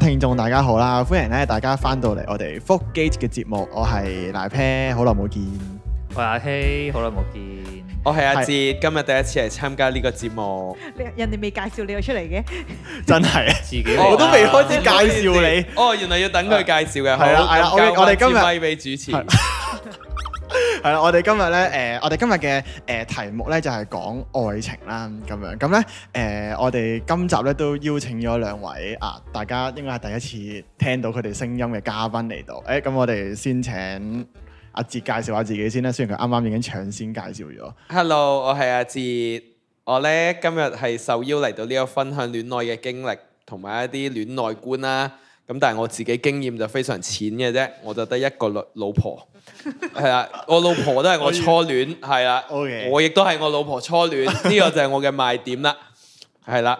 聽眾大家好啦，歡迎咧大家翻到嚟我哋腹肌節嘅節目，我係大 pair 好耐冇見。我係阿希，好耐冇見。我係阿哲，今日第一次嚟參加呢個節目。你人哋未介紹你又出嚟嘅？真係啊，自己我都未開始介紹你，哦，原來要等佢介紹嘅？係啦，okay, 我我哋今日。咪主持？係啦， 我哋今日咧，誒、呃，我哋今日嘅，誒題目咧就係、是、講愛情啦，咁樣咁咧，誒、呃，我哋今集咧都邀請咗兩位啊，大家應該係第一次聽到佢哋聲音嘅嘉賓嚟到，誒、欸，咁我哋先請阿哲介紹下自己先啦，雖然佢啱啱已經搶先介紹咗。Hello，我係阿哲，我咧今日係受邀嚟到呢個分享戀愛嘅經歷同埋一啲戀愛觀啦，啊，咁但係我自己經驗就非常淺嘅啫，我就得一個老老婆。係啦， 我老婆都係我初戀，係啦，我亦都係我老婆初戀，呢 個就係我嘅賣點啦，係啦。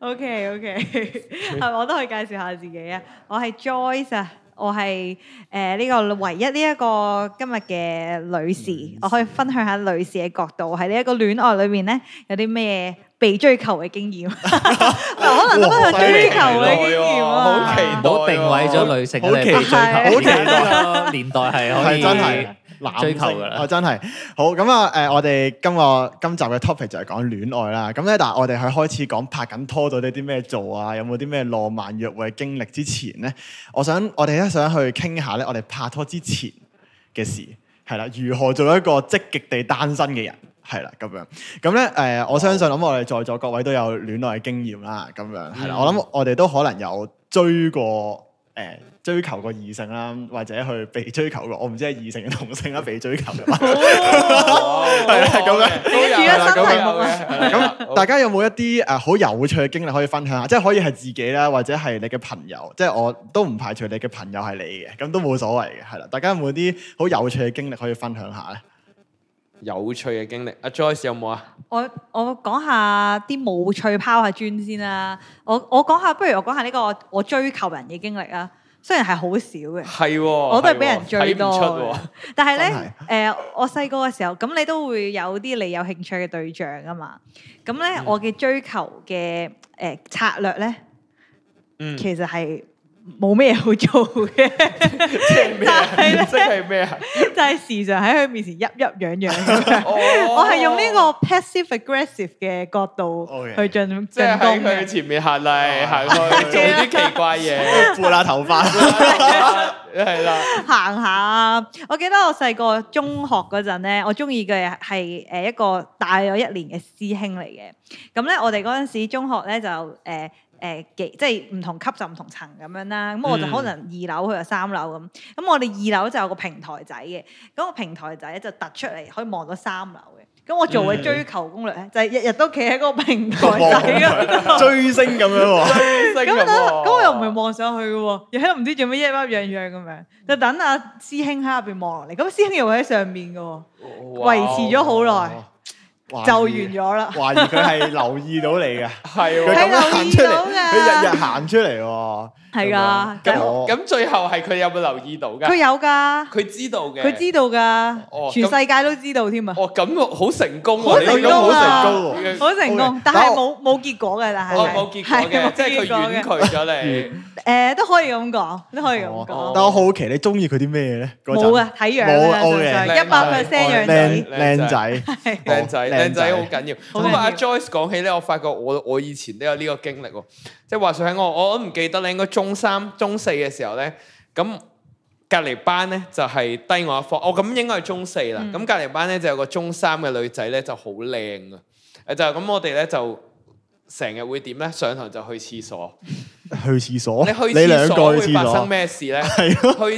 OK，OK，Okay, okay. 係 我都可以介紹下自己啊，我係 Joyce 啊，我係誒呢個唯一呢一個、這個、這個、今日嘅女士，女士我可以分享下女士嘅角度喺呢一個戀愛裏面呢，有啲咩？被追求嘅經驗， 可能都係追求嘅經驗好、啊、期待、啊啊、定位咗女性好嚟、啊、追求，年代係可以真係追求噶啦、哦呃！我真係好咁啊！誒，我哋今個今集嘅 topic 就係講戀愛啦。咁咧，但係我哋喺開始講拍緊拖到啲啲咩做啊？有冇啲咩浪漫約會嘅經歷之前咧？我想我哋咧想去傾下咧，我哋拍拖之前嘅事係啦，如何做一個積極地單身嘅人。係啦，咁樣咁咧，誒，我相信諗我哋在座各位都有戀愛嘅經驗啦，咁樣係啦，我諗我哋都可能有追過，誒，追求過異性啦，或者去被追求過，我唔知係異性嘅同性啦，被追求嘅，係啦，咁樣都有啦，咁樣咁，大家有冇一啲誒好有趣嘅經歷可以分享下？即係可以係自己啦，或者係你嘅朋友，即係我都唔排除你嘅朋友係你嘅，咁都冇所謂嘅，係啦，大家有冇啲好有趣嘅經歷可以分享下咧？有趣嘅經歷，阿、ah, Joyce 有冇啊？我我講下啲冇趣拋下磚先啦。我我講下，不如我講下呢、這個我，我追求人嘅經歷啊。雖然係好少嘅，係、哦、我都係俾人追多，哦哦、但係呢，誒、呃，我細個嘅時候，咁你都會有啲你有興趣嘅對象啊嘛。咁呢，嗯、我嘅追求嘅誒、呃、策略呢，嗯、其實係。冇咩好做嘅，即係咩啊？就係時常喺佢面前鬱鬱攘攘。我係用呢個 passive aggressive 嘅角度去進進攻。即係喺佢前面行嚟行去，做啲奇怪嘢，撥下頭髮，係啦。行下、啊，我記得我細個中學嗰陣咧，我中意嘅係誒一個大我一年嘅師兄嚟嘅。咁咧，我哋嗰陣時中學咧就誒。呃誒幾、呃、即係唔同級就唔同層咁樣啦，咁、嗯、我就可能二樓去到三樓咁，咁我哋二樓就有個平台仔嘅，咁、個平台仔就突出嚟可以望到三樓嘅，咁我做嘅追求攻略咧就係日日都企喺嗰個平台仔、嗯、 追星咁樣喎、啊 啊， 咁都咁我又唔係望上去嘅喎，又喺度唔知做咩一粒樣樣咁樣，就等阿師兄喺入邊望落嚟，咁師兄又喺上面嘅喎，維持咗好耐。就完咗啦！ 懷疑佢係留意到你嘅，係佢咁樣行出嚟，佢日日行出嚟喎、哦。係噶，咁咁最後係佢有冇留意到噶？佢有噶，佢知道嘅，佢知道噶，全世界都知道添啊！哦，咁好成功啊！好成功，好成功，但係冇冇結果嘅，但係冇結果嘅，即係佢遠佢咗你。誒，都可以咁講，都可以咁講。但我好奇你中意佢啲咩咧？冇啊，睇樣啊，一百 percent 樣靚仔，靚仔，靚仔，靚仔好緊要。咁啊，阿 Joyce 講起咧，我發覺我我以前都有呢個經歷。即係話說喺我，我都唔記得你應該中三、中四嘅時候咧，咁隔離班咧就係、是、低我一科。我、哦、咁應該係中四啦。咁隔離班咧就有個中三嘅女仔咧就好靚啊！誒就係咁，我哋咧就成日會點咧？上堂就去廁所， 去廁所。你去廁所,你兩個去廁所會發生咩事咧？ 去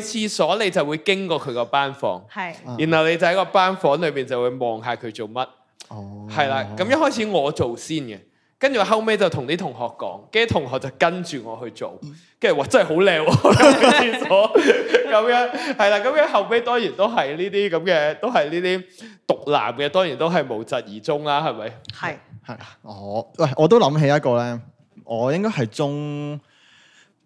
廁所你就會經過佢個班房，係是。然後你就喺個班房裏邊就會望下佢做乜。哦、嗯。係啦、嗯，咁一開始我做先嘅。跟住我後尾就同啲同學講，跟住同學就跟住我去做，跟住話真係好靚喎，廁所咁 樣，係啦，咁樣後尾當然都係呢啲咁嘅，都係呢啲獨男嘅，當然都係無疾而終啦，係咪？係係是我喂，我都諗起一個咧，我應該係中。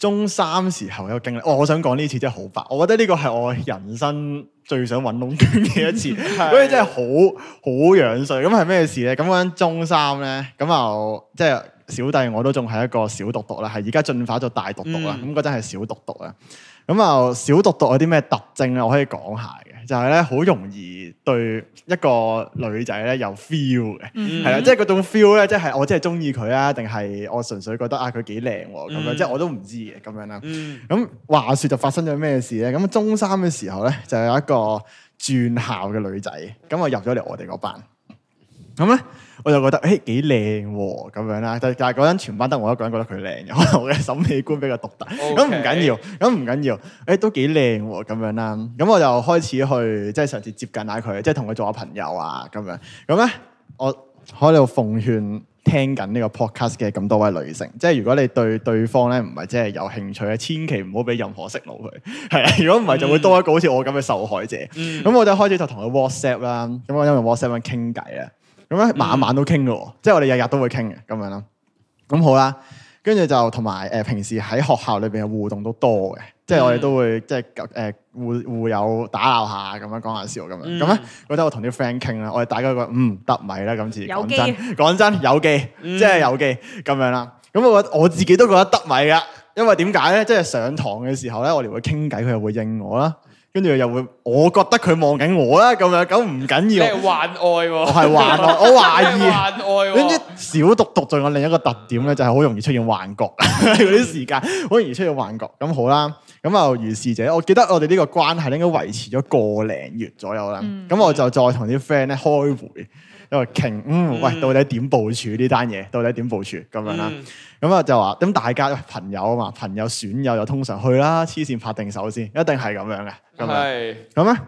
中三時候有經歷，我、哦、我想講呢次真係好白，我覺得呢個係我人生最想搵窿捐嘅一次，所以 的真係好好樣衰。咁係咩事呢？咁講中三呢？咁又即係小弟我都仲係一個小毒毒啦，係而家進化咗大毒毒啦，咁嗰陣係小毒毒啊。咁啊，小毒毒有啲咩特徵咧？我可以講下嘅，就係咧好容易對一個女仔咧有 feel 嘅，係啦、mm，即係嗰種 feel 咧，即係我真係中意佢啊，定係我純粹覺得啊佢幾靚咁樣，即係我都唔知嘅咁樣啦。咁、mm hmm. 話說就發生咗咩事咧？咁中三嘅時候咧，就有一個轉校嘅女仔，咁我入咗嚟我哋個班，咁咧。我就覺得誒幾靚喎咁樣啦，但係嗰陣全班得我一個人覺得佢靚，可能我嘅審美觀比較獨特。咁唔 Okay. 緊要，咁唔緊要，誒都幾靚喎咁樣啦。咁我就開始去即係嘗試接近下佢，即係同佢做下朋友啊咁樣。咁咧，我喺度奉勸聽緊呢個 podcast 嘅咁多位女性，即係如果你對對方咧唔係真係有興趣嘅，千祈唔好俾任何識路佢。係啊，如果唔係就會多一個好似我咁嘅受害者。咁、嗯嗯、我就開始就同佢 WhatsApp 啦，咁我因為 WhatsApp 傾偈啊。咁樣晚晚都傾嘅喎，嗯、即係我哋日日都會傾嘅，咁樣啦。咁好啦，跟住就同埋誒平時喺學校裏邊嘅互動都多嘅，嗯，即係我哋都會即係誒互互有打鬧下咁樣講下笑咁、嗯、樣。咁咧覺得我同啲 friend 傾啦，我哋大家覺得嗯得米啦，今次講真，講真有機，即係有機咁、嗯、樣啦。咁我我自己都覺得得米㗎，因為點解咧？即係上堂嘅時候咧，我哋會傾偈，佢又會應我啦。跟住又會，我覺得佢望緊我啦，咁樣咁唔緊要。即係幻愛喎，我係幻愛 我懷疑。幻愛喎。總之小毒毒仲有我另一個特點咧，就係好容易出現幻覺嗰啲時間，好容易出現幻覺。咁好啦，咁啊如是者，我記得我哋呢個關係應該維持咗個零月左右啦。咁我就再同啲 friend 咧開會，因為傾，嗯，嗯喂，到底點部署呢單嘢？到底點部署？咁樣啦。嗯咁啊就話咁大家、哎、朋友啊嘛，朋友損友又通常去啦，黐線拍定手先，一定係咁樣嘅，係咁咧，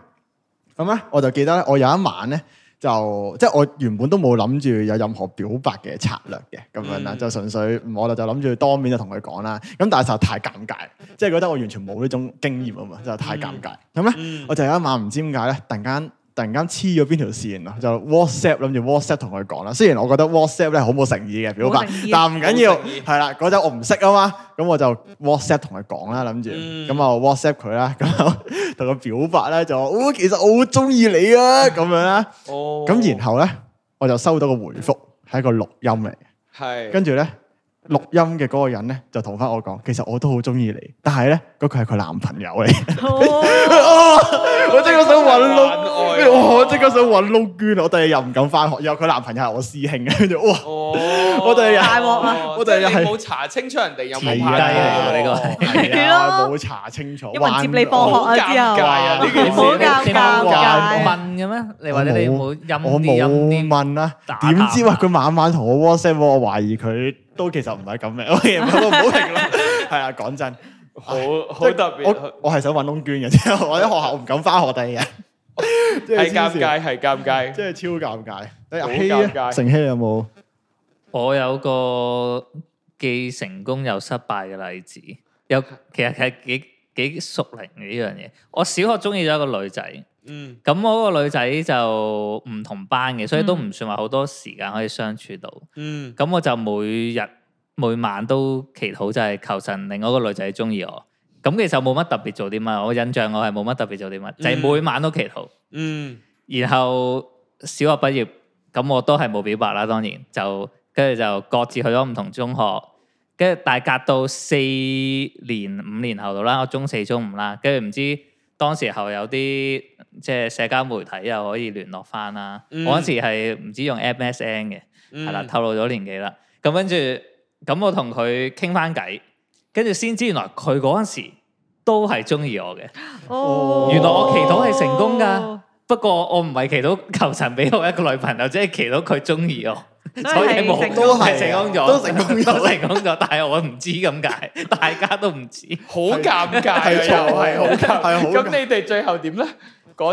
咁咧我就記得我有一晚咧就即係、就是、我原本都冇諗住有任何表白嘅策略嘅，咁樣啦，就純粹、嗯、我就就諗住當面就同佢講啦，咁但係就太尷尬，即、就、係、是、覺得我完全冇呢種經驗啊嘛，真係太尷尬，咁咧我就有一晚唔知點解咧，突然間。突然間黐咗邊條線啊？就 WhatsApp 諗住 WhatsApp 同佢講啦。雖然我覺得 WhatsApp 咧好冇誠意嘅表白，但唔緊要，係啦。嗰陣我唔識啊嘛，咁我就 WhatsApp 同佢講啦，諗住。咁啊 WhatsApp 佢啦，咁同佢表白咧就話，哦、其實我好中意你啊，咁樣啦。哦。咁然後咧，我就收到個回覆係一個錄音嚟嘅，係是跟住咧。錄音嘅嗰個人咧就同翻我講，其實我都好中意你，但係咧嗰個係佢男朋友嚟。我即刻想搵窿，我即刻想搵窿捐啊！我第日又唔敢翻學，有佢男朋友係我師兄啊！哇！我第二日，大鑊啊！即係你冇查清楚人哋有冇拍拖嚟嘅呢個係，係冇查清楚。因為接你放學啊之後，好尷尬啊！呢件事，問咁樣？你或者你冇有冇？音啲問啊？點知話佢晚晚同我 WhatsApp，我懷疑佢。都其實唔係咁嘅，好唔好停啦？係啊，講真，好好特別。我我係想揾窿捐嘅啫，我喺學校唔敢翻學第二日，係尷尬，係尷尬，即係超尷尬，好尷尬。成希有冇？我有個既成功又失敗嘅例子，有其實係幾幾熟靈嘅呢樣嘢。我小學中意咗一個女仔。嗯，咁我個女仔就唔同班嘅，所以都唔算話好多時間可以相處到。嗯，咁我就每日每晚，就、嗯、就每晚都祈禱，就係求神，令我個女仔中意我。咁其實冇乜特別做啲乜，我印象我係冇乜特別做啲乜，就係每晚都祈禱。嗯，然後小學畢業，咁我都係冇表白啦。當然就跟住就各自去咗唔同中學，跟住大隔到四年五年後度啦，我中四中五啦，跟住唔知。當時候有啲即係社交媒體又可以聯絡翻啦，嗯、我嗰時係唔知用 MSN 嘅，係啦、嗯，透露咗年紀啦，咁跟住咁我同佢傾翻偈，跟住先知原來佢嗰陣時都係中意我嘅。哦、原來我祈禱係成功㗎。哦、不過我唔係祈禱求神俾我一個女朋友，即係祈禱佢中意我。所以冇都成功咗，都成功咗，成功咗， 功但係我唔知咁解， 大家都唔知， 好尷尬， 又係好尷尬，咁 你哋最後點咧？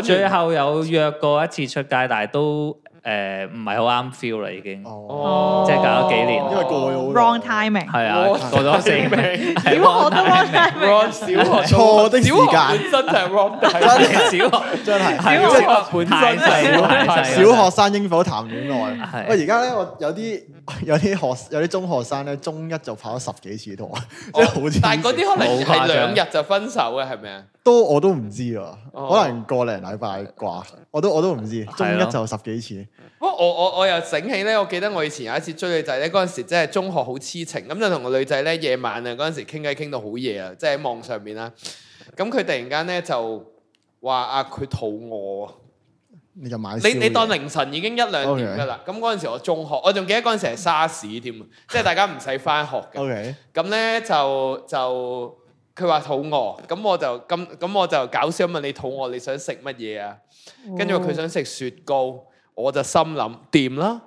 最後有約過一次出街，但係都。誒唔係好啱 feel 啦，已經，即係搞咗幾年，因為過咗 wrong timing，係啊，過咗四年，小學都 wrong timing，錯的時間，真正 wrong，真係小學，真係小學本身細，小學生應否談戀愛，喂，而家咧我有啲有啲學有啲中學生咧，中一就拍咗十幾次拖，即係好，但係嗰啲可能係兩日就分手嘅係咪啊？都我都唔知啊，可能個零禮拜啩，我都我都唔知。的中一就十幾次。我我我又醒起咧，我記得我以前有一次追女仔咧，嗰陣時即係中學好痴情，咁就同個女仔咧夜晚啊，嗰陣時傾偈傾到好夜啊，即係喺網上面啦。咁佢突然間咧就話啊佢肚餓，你就買。你你當凌晨已經一兩點噶啦，咁嗰陣時我中學，我仲記得嗰陣時係沙士添啊，即係大家唔使返學嘅。OK，咁咧就就。就就就就就就就佢話肚餓，咁我就咁咁我就搞笑問你肚餓，你想食乜嘢啊？跟住佢想食雪糕，我就心諗掂啦，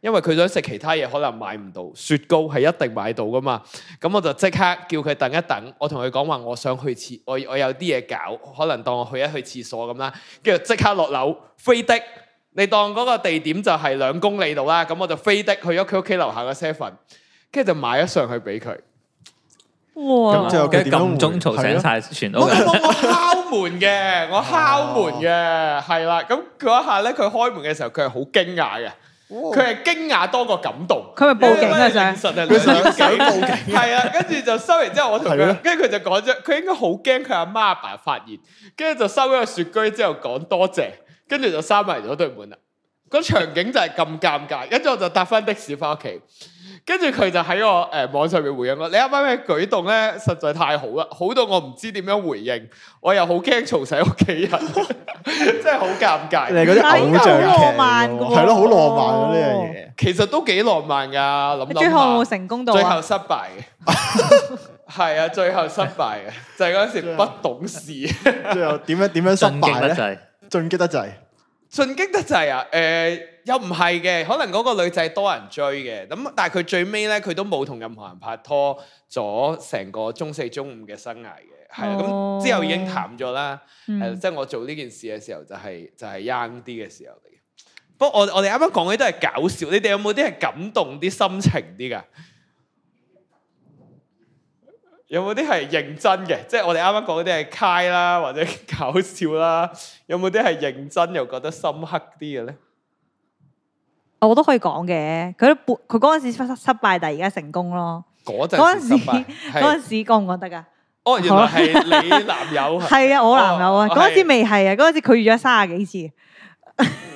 因為佢想食其他嘢可能買唔到，雪糕係一定買到㗎嘛。咁我就即刻叫佢等一等，我同佢講話我想去廁，我我有啲嘢搞，可能當我去一去廁所咁啦。跟住即刻落樓飛的，你當嗰個地點就係兩公里度啦。咁我就飛的去咗佢屋企樓下嗰 Seven，跟住就買咗上去俾佢。哇！跟住撳鐘吵醒晒全屋、 啊、 我敲門嘅，我敲門嘅，係啦、哦。咁佢一下咧，佢開門嘅時候，佢係好驚訝嘅。佢係、哦、驚訝多過感動。佢咪報警啊？成日兩鬼報警。係啊， 跟住就收完之後我，我同佢，跟住佢就講咗，佢應該好驚佢阿媽阿爸發現，跟住就收咗雪櫃之後講多謝，謝，跟住就閂埋咗對門啦。個場景就係咁尷尬，跟住我就搭翻的士翻屋企。跟住佢就喺個誒網上面回應我，你啱啱嘅舉動咧實在太好啦，好到我唔知點樣回應，我又好驚嘈醒屋企人， 真係好尷尬。你嗰啲偶像係咯，好浪漫啊呢樣嘢，啊、 其實都幾浪漫噶諗諗。想想想最後有冇成功，到最後失敗嘅，係 啊，最後失敗嘅就係、是、嗰時不懂事。 最後點樣點樣失敗咧？最記得就係。順經得滯啊！誒、就是呃、又唔係嘅，可能嗰個女仔多人追嘅，咁但係佢最尾咧，佢都冇同任何人拍拖，咗成個中四中五嘅生涯嘅，係啊、哦，咁之後已經淡咗啦。誒、嗯，即係、就是、我做呢件事嘅時候就係、是、就係 young 啲嘅時候嚟嘅。不過我我哋啱啱講嘅都係搞笑，你哋有冇啲係感動啲心情啲㗎？有冇啲係認真嘅？即係我哋啱啱講嗰啲係揩啦，或者搞笑啦。有冇啲係認真又覺得深刻啲嘅咧？我都可以講嘅。佢都佢嗰陣時失失敗，但係而家成功咯。嗰陣嗰陣時，嗰陣時講唔講得噶？是可可哦，原來係你男友係 啊！我男友啊，嗰陣、哦、時未係啊，嗰陣是時佢遇咗三十幾次。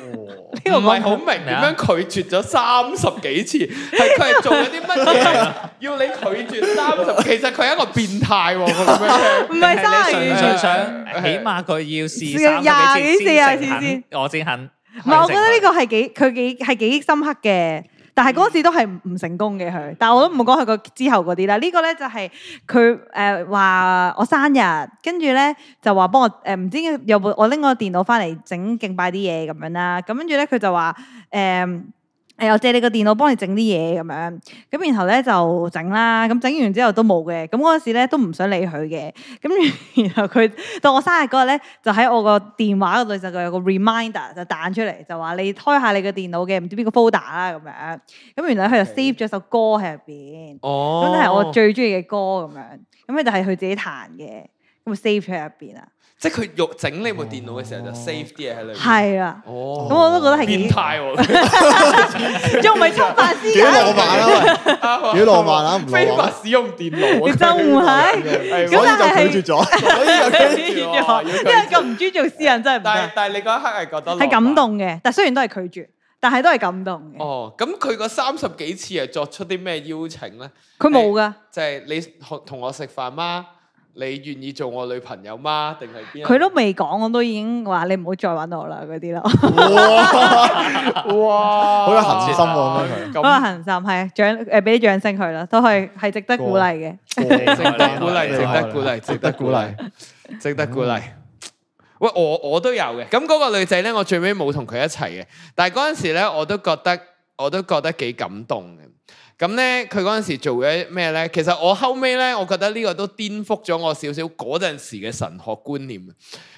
呢個唔係好明點樣拒絕咗三十幾次，係佢係做咗啲乜嘢，要你拒絕三十？其實佢係一個變態喎，唔係 三十？完全想起碼佢要試廿幾次先我先肯。唔係， 我覺得呢個係幾佢幾係幾深刻嘅。但係嗰次都係唔成功嘅，佢，但我都唔好講佢個之後嗰啲啦。這個、呢個咧就係佢誒話我生日，跟住咧就話幫我誒唔、呃、知有冇，我拎個電腦翻嚟整敬拜啲嘢咁樣啦。咁跟住咧佢就話誒。呃誒、哎，我借你個電腦幫你整啲嘢咁樣，咁然後咧就整啦，咁整完之後都冇嘅，咁嗰陣時咧都唔想理佢嘅，咁然後佢到我生日嗰日咧，就喺我個電話嗰度就有個 reminder 就彈出嚟，就話你開下你電腦個電腦嘅，唔知邊個 folder 啦咁樣，咁原來佢就 save 咗首歌喺入邊，咁係是、哦、我最中意嘅歌咁樣，咁咧就係佢自己彈嘅，咁 save 喺入邊啊。即係佢欲整你部電腦嘅時候，就 save 啲嘢喺裏邊。係啊，哦，咁我都覺得係變態喎，仲唔係侵犯私隱？幾浪漫啊，幾浪漫啊，唔浪漫，非法使用電腦。你真唔係，所以就拒絕咗，所以就驚住我，因為咁唔尊重私人，真係唔得！但係你嗰一刻係覺得係感動嘅，但係雖然都係拒絕，但係都係感動。哦，咁佢個三十幾次係作出啲咩邀請咧？佢冇㗎，就係你同同我食飯嗎？你願意做我女朋友嗎？定係邊？佢都未講，我都已經話你唔好再揾我啦，嗰啲咯。哇！哇！好有恆心喎，咁啊，恆心係獎誒，俾啲掌聲佢啦，都係係值得鼓勵嘅，值得鼓勵，值得鼓勵，值得鼓勵，值得鼓勵。喂，我我都有嘅。咁嗰個女仔呢，我最尾冇同佢一齊嘅，但係嗰陣時呢，我都覺得我都覺得幾感動嘅。咁咧，佢嗰陣時做咗咩咧？其實我後尾咧，我覺得呢個都顛覆咗我少少嗰陣時嘅神學觀念。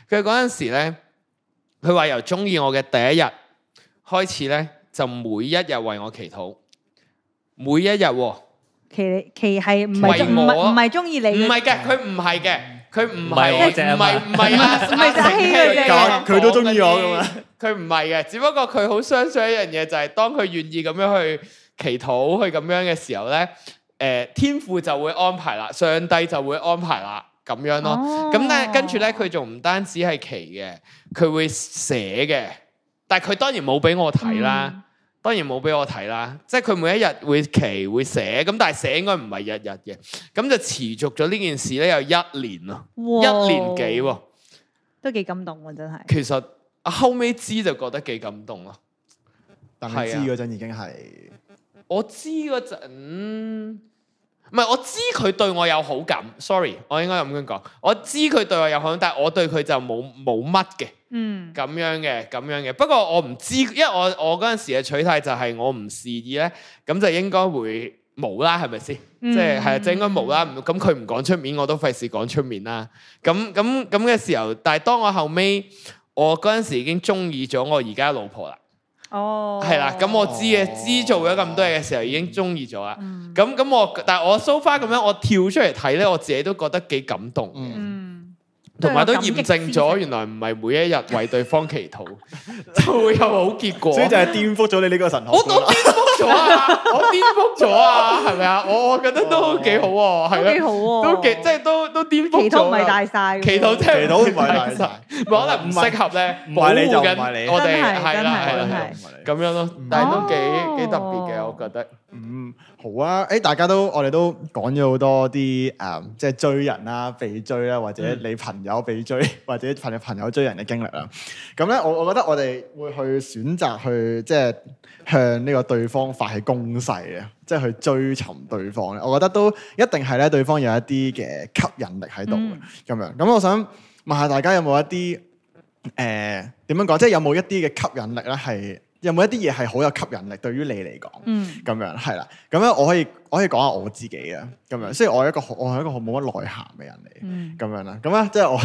佢嗰陣時咧，佢話由中意我嘅第一日開始咧，就每一日為我祈禱，每一日喎。祈祈係唔係唔係唔係中意你？唔係嘅，佢唔係嘅，佢唔係唔係唔係啊！唔係就係佢哋嘅，佢都中意我噶嘛。佢唔係嘅，只不過佢好相信一樣嘢，就係當佢願意咁樣去祈禱，佢咁樣嘅時候呢，誒、呃、天父就會安排啦，上帝就會安排啦，咁樣咯。咁咧跟住呢，佢仲唔單止係祈嘅，佢會寫嘅。但係佢當然冇俾我睇啦，嗯、當然冇俾我睇啦。即係佢每一日會祈會寫，咁但係寫應該唔係日日嘅，咁就持續咗呢件事呢。有一年咯，哇一年幾喎，啊，都幾感動喎，真係。其實後尾知就覺得幾感動咯，但係等你、啊、知嗰陣已經係。我知嗰陣，唔係我知佢對我有好感。Sorry，我應該咁樣講。我知佢對我有好感，但係我對佢就冇冇乜嘅。嗯，咁樣嘅，咁樣嘅。不過我唔知，因為我我嗰陣時嘅取態就係我唔示意咧，咁就應該會冇啦，係咪先？即係係啊，就應該冇啦。咁佢唔講出面，我都費事講出面啦。咁咁咁嘅時候，但係當我後尾，我嗰陣時已經中意咗我而家老婆啦。哦，係啦，oh.，咁我知嘅，oh. 知做咗咁多嘢嘅時候已經中意咗啦。咁咁，嗯、我，但係我 so far 咁樣，我跳出嚟睇咧，我自己都覺得幾感動嘅。嗯。同埋都驗證咗，原來唔係每一日為對方祈禱就會有好結果。所以就係顛覆咗你呢個神學。我都顛覆咗啊！我顛覆咗啊！係咪啊？我覺得都幾好喎，係啊，幾好喎，都幾即係都都顛覆。祈禱唔係大晒，祈禱即係祈禱唔係大晒。可能唔適合咧。唔係你就唔係你，我哋係啦係啦係。咁樣咯，但係都幾幾特別嘅，我覺得嗯。好啊！誒、欸，大家都我哋都講咗好多啲誒、嗯，即係追人啊、被追啊，或者你朋友被追，或者朋你朋友追人嘅經歷啊。咁咧，我我覺得我哋會去選擇去即係向呢個對方發起攻勢啊，即係去追尋對方嘅。我覺得都一定係咧，對方有一啲嘅吸引力喺度嘅咁樣。咁我想問下大家有冇一啲誒點樣講？即係有冇一啲嘅吸引力咧係？有冇一啲嘢係好有吸引力對於你嚟講，咁、嗯、樣係啦，咁咧我可以我可以講下我自己啊，咁樣雖然我係一個我係一個好冇乜內涵嘅人嚟，咁、嗯、樣啦，咁咧即係我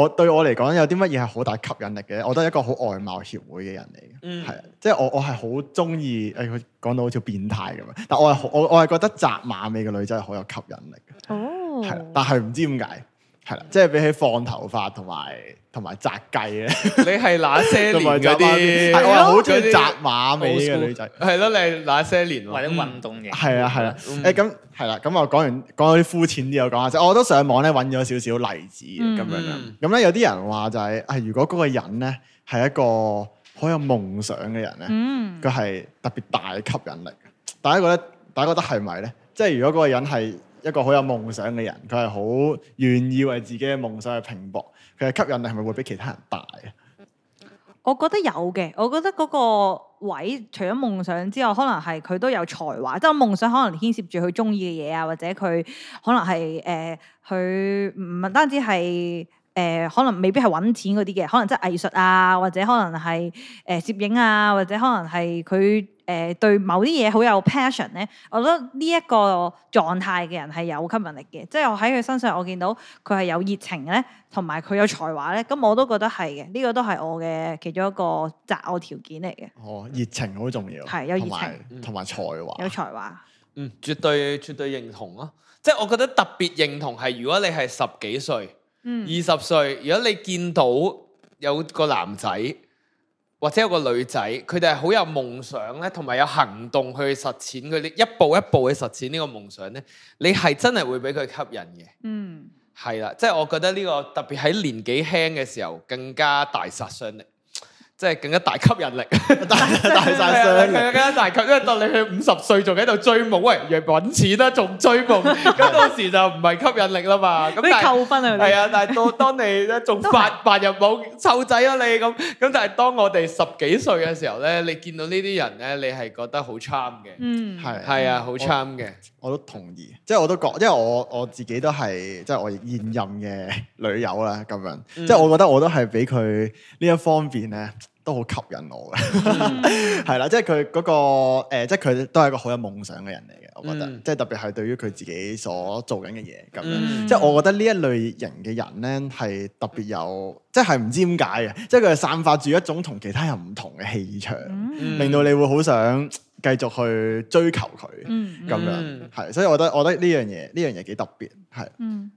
我對我嚟講有啲乜嘢係好大吸引力嘅，我都係一個好外貌協會嘅人嚟嘅，係即係我我係、哎、好中意誒講到好似變態咁樣，但我係我我係覺得紮馬尾嘅女仔係好有吸引力嘅，係啦、哦，但係唔知點解。係啦，即係比起放頭髮同埋同埋紮髻咧，你係那些年嘅啲？係啊，我好中意紮馬尾嘅女仔。係咯、哦，你係那些年？嗯、或者運動嘅。係啊，係啦。誒、嗯，咁係啦。咁啊，講完講咗啲膚淺啲，我講下即我都上網咧揾咗少少例子咁、嗯嗯、樣。咁、嗯、咧有啲人話就係、是，啊如果嗰個人咧係一個好有夢想嘅人咧，佢係、嗯、特別大吸引力。大家覺得，大家覺得係咪咧？即係如果嗰個人係。一個好有夢想嘅人，佢係好願意為自己嘅夢想去拼搏。佢嘅吸引力係咪會比其他人大啊？我覺得有嘅。我覺得嗰個位除咗夢想之外，可能係佢都有才華。即係夢想可能牽涉住佢中意嘅嘢啊，或者佢可能係誒佢唔係單止係誒、呃，可能未必係揾錢嗰啲嘅，可能即係藝術啊，或者可能係誒、呃、攝影啊，或者可能係佢。誒、呃、對某啲嘢好有 passion 呢，我覺得呢一個狀態嘅人係有吸引力嘅，即係我喺佢身上我見到佢係有熱情咧，同埋佢有才華呢，咁我都覺得係嘅，呢、這個都係我嘅其中一個擇偶條件嚟嘅。哦，熱情好重要，係有熱情，同埋才華，嗯、有才華，才華嗯，絕對絕對認同咯、啊，即係我覺得特別認同係，如果你係十幾歲、二十歲，如果你見到有個男仔。或者有個女仔，佢哋係好有夢想咧，同埋有，有行動去實踐佢，你一步一步去實踐呢個夢想咧，你係真係會俾佢吸引嘅。嗯，係啦，即係我覺得呢個特別喺年紀輕嘅時候更加大殺傷力。即係更加大吸引力， 大大雜力， 大曬相嘅。更加大吸引力，到你去五十歲仲喺度追夢喂，又揾錢啦，仲追夢，咁到時就唔係吸引力啦嘛。咁你扣分啊！係但啊，但係當當你咧仲發是白入寶，臭仔啊你咁，咁就係當我哋十幾歲嘅時候咧，你見到呢啲人咧，你係覺得好 charm 嘅。嗯，係係啊，好 charm 嘅。我都同意，即係我都覺，因為我我自己都係即係我現任嘅女友啦，咁樣。即係、嗯、我覺得我都係俾佢呢一方面咧。都好吸引我嘅，係啦，即係佢嗰個誒、呃，即係佢都係一個好有夢想嘅人嚟嘅，我覺得，嗯、即係特別係對於佢自己所做緊嘅嘢咁樣，嗯、即係我覺得呢一類型嘅人呢，係特別有，即係唔知點解嘅，即係佢係散發住一種同其他人唔同嘅氣場，嗯、令到你會好想繼續去追求佢，咁、嗯、樣係、嗯嗯，所以我覺得，我覺得呢樣嘢，呢樣嘢幾特別，係。嗯嗯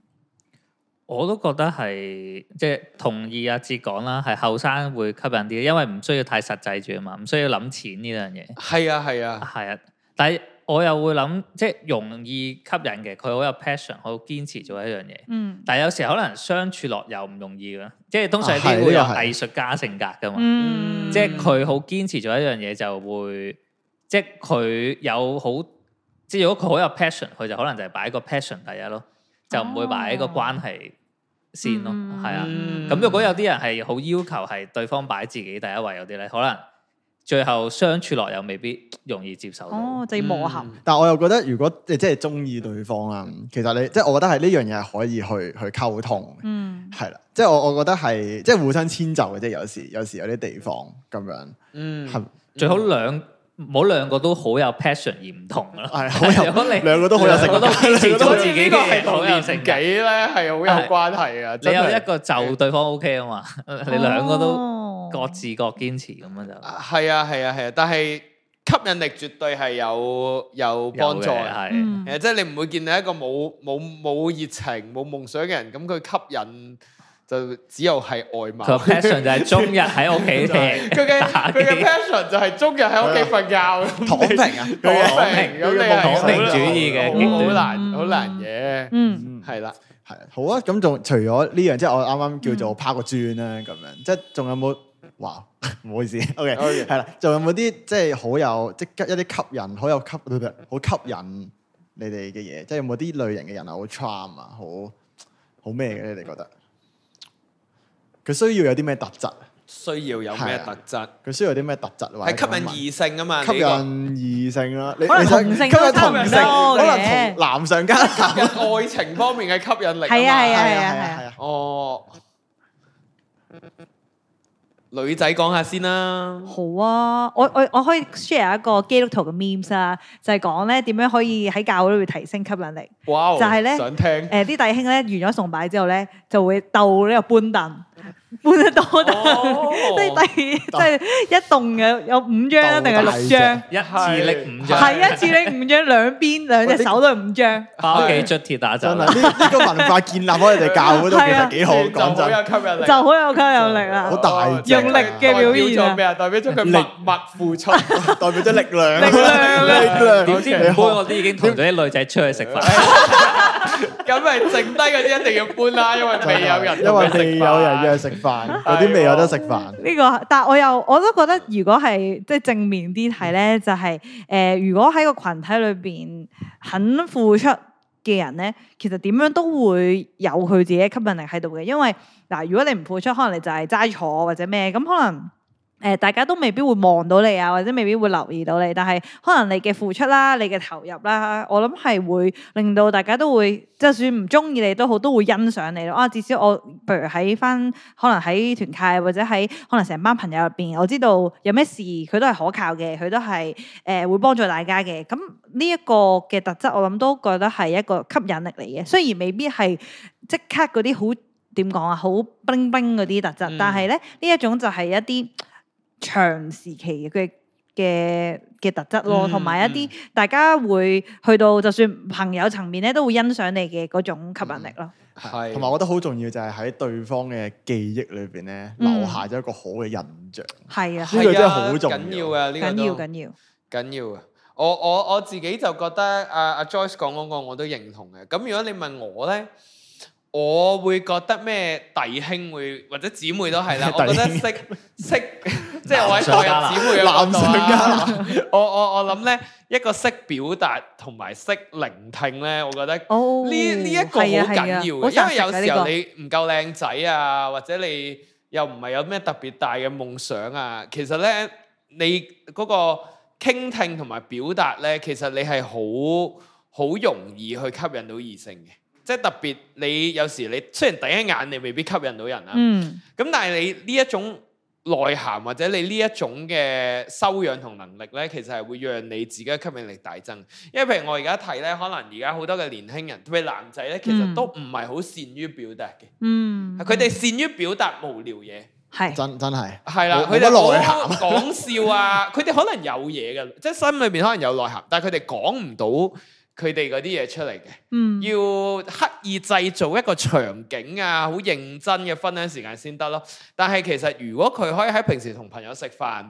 我都覺得係即係同意阿哲講啦，係後生會吸引啲，因為唔需要太實際住啊嘛，唔需要諗錢呢樣嘢。係啊，係啊，係啊。但係我又會諗，即係容易吸引嘅，佢好有 passion，好堅持做一樣嘢。嗯、但係有時候可能相處落又唔容易啦，即係通常啲好有藝術家性格噶嘛。啊啊啊嗯、即係佢好堅持做一樣嘢，就會即係佢有好，即係如果佢好有 passion，佢就可能就係擺個 passion 第一咯。就唔會擺喺個關係先咯，係、嗯、啊。咁、嗯、如果有啲人係好要求係對方擺自己第一位，有啲咧，可能最後相處落又未必容易接受。哦，即、就、係、是、磨合。嗯、但係我又覺得，如果你即係中意對方啊，其實你即係、就是、我覺得係呢樣嘢係可以去去溝通。嗯，係啦、啊，即係我我覺得係即係互相遷就嘅啫。有時有時有啲地方咁樣，嗯，係是、嗯、最好兩。唔好兩個都好有 passion 而唔同咯，係好有。兩個都好有成，己 個係同成己咧係好有關係啊！你有一個就對方 OK 啊嘛，哦、 你兩個都各自各堅持咁樣就、啊。係啊係啊係啊！但係吸引力絕對係有有幫助嘅，係即係你唔會見到一個冇冇冇熱情冇夢想嘅人咁佢吸引。只有係外貌。passion 就係中日喺屋企，佢嘅佢嘅 passion 就係中日喺屋企瞓覺躺平啊躺平，咁樣躺平主義嘅，好難好難嘅。嗯，係啦，係好啊。咁仲除咗呢樣，即係我啱啱叫做拋個磚啦。咁樣即係仲有冇哇？唔好意思，OK，係啦。仲有冇啲即係好有即吸一啲吸引好有吸好吸引你哋嘅嘢？即係有冇啲類型嘅人係好 charm 啊，好好咩嘅你哋覺得？佢需要有啲咩特質？需要有咩特質？佢、啊、需要有啲咩特質？或者吸引異性啊？嘛、這個、吸引異性啦、啊，你可能你想同性吸引同性，同性可能同男上加男嘅者 愛情方面嘅吸引力。係 啊係啊係啊係啊，啊，啊，啊哦。女仔講下先啦。好啊，我我我可以 share 一個基督徒嘅 memes e、啊、啦，就係、是、講咧點樣可以喺教會度提升吸引力。哇 Wow,！就係咧，想聽。誒啲、呃、弟兄咧完咗崇拜之後咧，就會鬥呢個搬凳。 搬得多得，即係即係一棟有有五張定係六張，一次拎五張，係啊，一次拎五張兩邊兩隻手都係五張，都幾出鐵啊真係！呢個文化建立喺你哋教會都其實幾好講真，就好有吸引力，就好有吸引力，好大用力嘅表現啊！代表咗佢默默付出，代表咗力量，力量力量。點知搬我哋已經同咗啲女仔出去食飯，咁咪剩低嗰啲一定要搬啦，因為未有人去食飯，因為未有人約食。啊、有飯有啲未有得食飯。呢、呢個，但係我又我都覺得如、就是就是呃，如果係即係正面啲睇呢，就係誒，如果喺個群體裏邊肯付出嘅人呢，其實點樣都會有佢自己吸引力喺度嘅。因為嗱、呃，如果你唔付出，可能你就係齋坐或者咩咁可能。誒、呃，大家都未必會望到你啊，或者未必會留意到你，但係可能你嘅付出啦，你嘅投入啦，我諗係會令到大家都會，就算唔中意你都好，都會欣賞你咯。啊，至少我譬如喺返，可能喺團契或者喺可能成班朋友入邊，我知道有咩事佢都係可靠嘅，佢都係誒、呃、會幫助大家嘅。咁呢一個嘅特質，我諗都覺得係一個吸引力嚟嘅。雖然未必係即刻嗰啲好點講啊，好冰冰嗰啲特質，嗯、但係咧呢一種就係一啲。長時期嘅嘅嘅特質咯，同埋一啲大家會去到，就算朋友層面咧，都會欣賞你嘅嗰種吸引力咯。係，同埋我覺得好重要就係喺對方嘅記憶裏面咧，留下咗一個好嘅印象。係啊，呢個真係好重要啊！呢個都緊要緊要緊要啊！我我我自己就覺得阿阿 Joyce 講嗰個我都認同嘅。咁如果你問我咧，我會覺得咩弟兄會或者姊妹都係啦。我覺得識識。即係我喺後日姊妹嘅角度啦，我我我諗咧，一個識表達同埋識聆聽咧，我覺得呢呢、哦、一個好緊要、啊啊、因為有時候你唔夠靚仔啊，這個、或者你又唔係有咩特別大嘅夢想啊，其實咧你嗰個傾聽同埋表達咧，其實你係好好容易去吸引到異性嘅，即係特別你有時你雖然第一眼你未必吸引到人啊，咁、嗯、但係你呢一種。內涵或者你呢一種嘅修養同能力呢，其實係會讓你自己吸引力大增。因為譬如我而家睇呢，可能而家好多嘅年輕人，特別男仔呢，其實都唔係好善於表達嘅。嗯，佢哋善於表達無聊嘢，係是的真真係。係啦的，佢哋講講笑啊，佢哋可能有嘢嘅，即係 心裏邊可能有內涵，但係佢哋講唔到。佢哋嗰啲嘢出嚟嘅，嗯、要刻意製造一個場景啊，好認真嘅分享時間先得咯。但係其實如果佢可以喺平時同朋友食飯，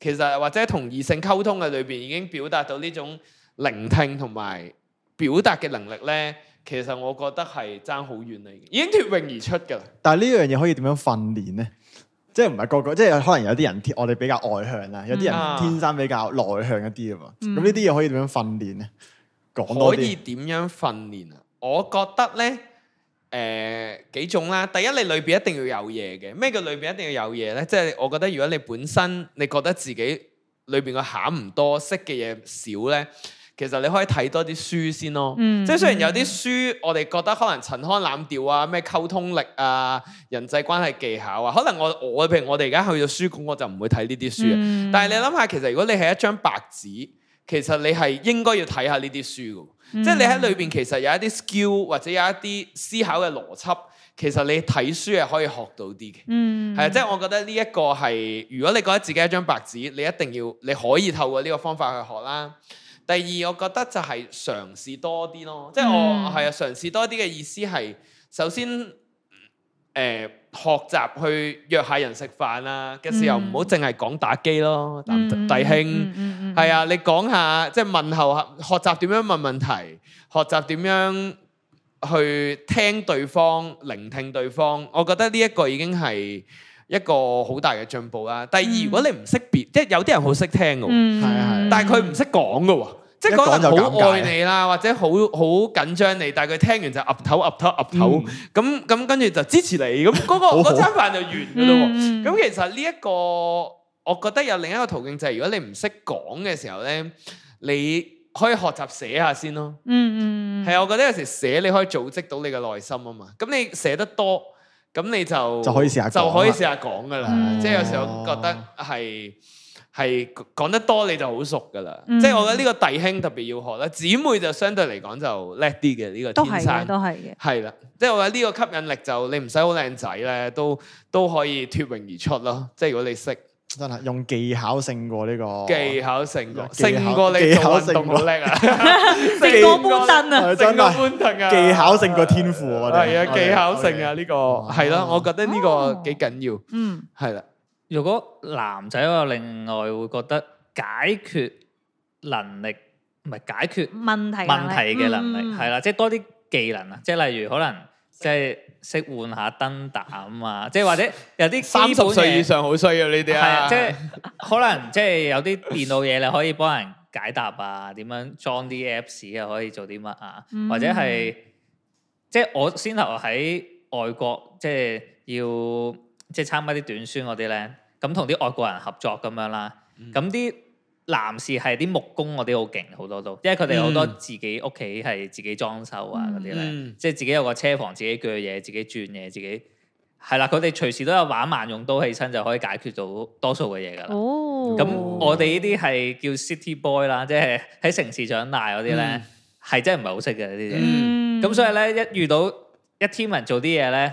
其實或者同異性溝通嘅裏邊已經表達到呢種聆聽同埋表達嘅能力呢，其實我覺得係爭好遠嚟嘅，已經脫穎而出噶。但係呢樣嘢可以點樣訓練呢？即係唔係個個，即係可能有啲人我哋比較外向啊，有啲人天生比較內向一啲，嗯、啊嘛。咁呢啲嘢可以點樣訓練呢？可以點樣訓練啊？我覺得呢誒、呃、幾種啦。第一，你裏邊一定要有嘢嘅。咩叫裏邊一定要有嘢呢？即係我覺得，如果你本身你覺得自己裏邊個餡唔多，識嘅嘢少呢，其實你可以睇多啲書先咯。嗯、即係雖然有啲書，我哋覺得可能陳腔濫調啊，咩溝通力啊、人際關係技巧啊，可能我我譬如我哋而家去到書館，我就唔會睇呢啲書。嗯、但係你諗下，其實如果你係一張白紙。其實你係應該要睇下呢啲書嘅，mm hmm. 即係你喺裏邊其實有一啲 skill 或者有一啲思考嘅邏輯，其實你睇書係可以學到啲嘅，係啊、mm，即、hmm. 係、就係、我覺得呢一個係如果你覺得自己一張白紙，你一定要你可以透過呢個方法去學啦。第二，我覺得就係嘗試多啲咯，即係、mm hmm. 我係啊，嘗試多啲嘅意思係首先誒，呃學習去約下人食飯啊嘅、嗯、時候，唔好淨係講打機咯，嗯、弟兄，係、嗯嗯嗯、啊，你講下即係、就是、問候下，學習點樣問問題，學習點樣去聽對方、聆聽對方。我覺得呢一個已經係一個好大嘅進步啦。第二，如果你唔識別，嗯、即係有啲人好識聽嘅，係啊，但係佢唔識講㗎喎。即係講得好愛你啦，或者好好緊張你，但係佢聽完就噏頭噏頭噏頭，咁咁、嗯嗯、跟住就支持你，咁嗰餐飯就完㗎咯喎。咁、嗯、其實呢、這、一個，我覺得有另一個途徑就係，如果你唔識講嘅時候咧，你可以學習寫下先咯。嗯嗯嗯，係啊，我覺得有時寫你可以組織到你嘅內心啊嘛。咁你寫得多，咁你就就可以試下就可以試下講㗎啦。嗯嗯、即係有時我覺得係。係講得多你就好熟，噶啦，即係我覺得呢個弟兄特別要學啦，姊妹就相對嚟講就叻啲嘅，呢個天生都係嘅，係啦，即係我覺得呢個吸引力就你唔使好靚仔咧，都都可以脫穎而出咯。即係如果你識，真係用技巧勝過呢個技巧勝過勝過你做運動咁叻啊！技高一等啊，技高一等啊！技巧勝過天賦啊，係啊，技巧性啊，呢個係咯，我覺得呢個幾緊要，嗯，係啦。如果男仔，我另外會覺得解決能力，唔係解決問題，問題嘅能力係啦，嗯，即係多啲技能啊，即係例如可能即係識換下燈膽啊，即係或者有啲三十歲以上好需要呢啲啊，啊即係 可能即係有啲電腦嘢你可以幫人解答啊，點 樣裝啲 apps 啊，可以做啲乜啊，嗯，或者係即係我先頭喺外國即係要。即係參加啲短宣嗰啲咧，咁同啲外國人合作咁樣啦，咁啲、嗯、男士係啲木工嗰啲好勁好多都，因為佢哋好多自己屋企係自己裝修啊嗰啲咧，嗯、即係自己有個車房自，自己鋸嘢，自己轉嘢，自己係啦，佢哋隨時都有玩萬用刀起身就可以解決到多數嘅嘢噶啦。咁、哦、我哋呢啲係叫 city boy 啦，即係喺城市長大嗰啲咧，係、嗯、真係唔係好識嘅呢啲嘢。咁、嗯、所以咧，一遇到一 team 人做啲嘢咧。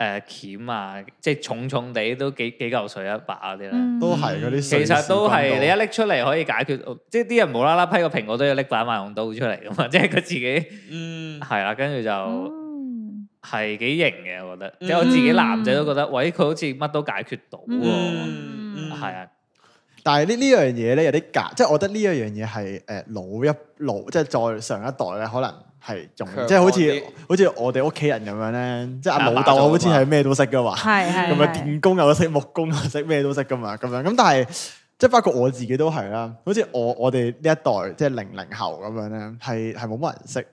誒、呃、鉗啊，即係重重地都幾幾嚿水一把嗰啲咧，都係嗰啲。其實都係你一拎出嚟可以解決，嗯、即係啲人無啦啦批個蘋果都要拎把萬用刀出嚟噶嘛，即係佢自己。嗯，係啦、啊，跟住就係幾型嘅，我覺得。嗯、即係我自己男仔都覺得，喂，佢好似乜都解決到喎。係、嗯嗯嗯、啊，但係呢呢樣嘢咧有啲假，即係我覺得呢一樣嘢係誒老一，老，一老，即係再上一代咧可能。係仲即係好似們好似我哋屋企人咁樣咧是，即係阿老豆好似係咩都識噶嘛，係咁啊電工又識木工又識咩都識噶嘛，咁樣咁但係即係包括我自己都係啦，好似我我哋呢一代即係零零後咁樣咧，係係冇乜人識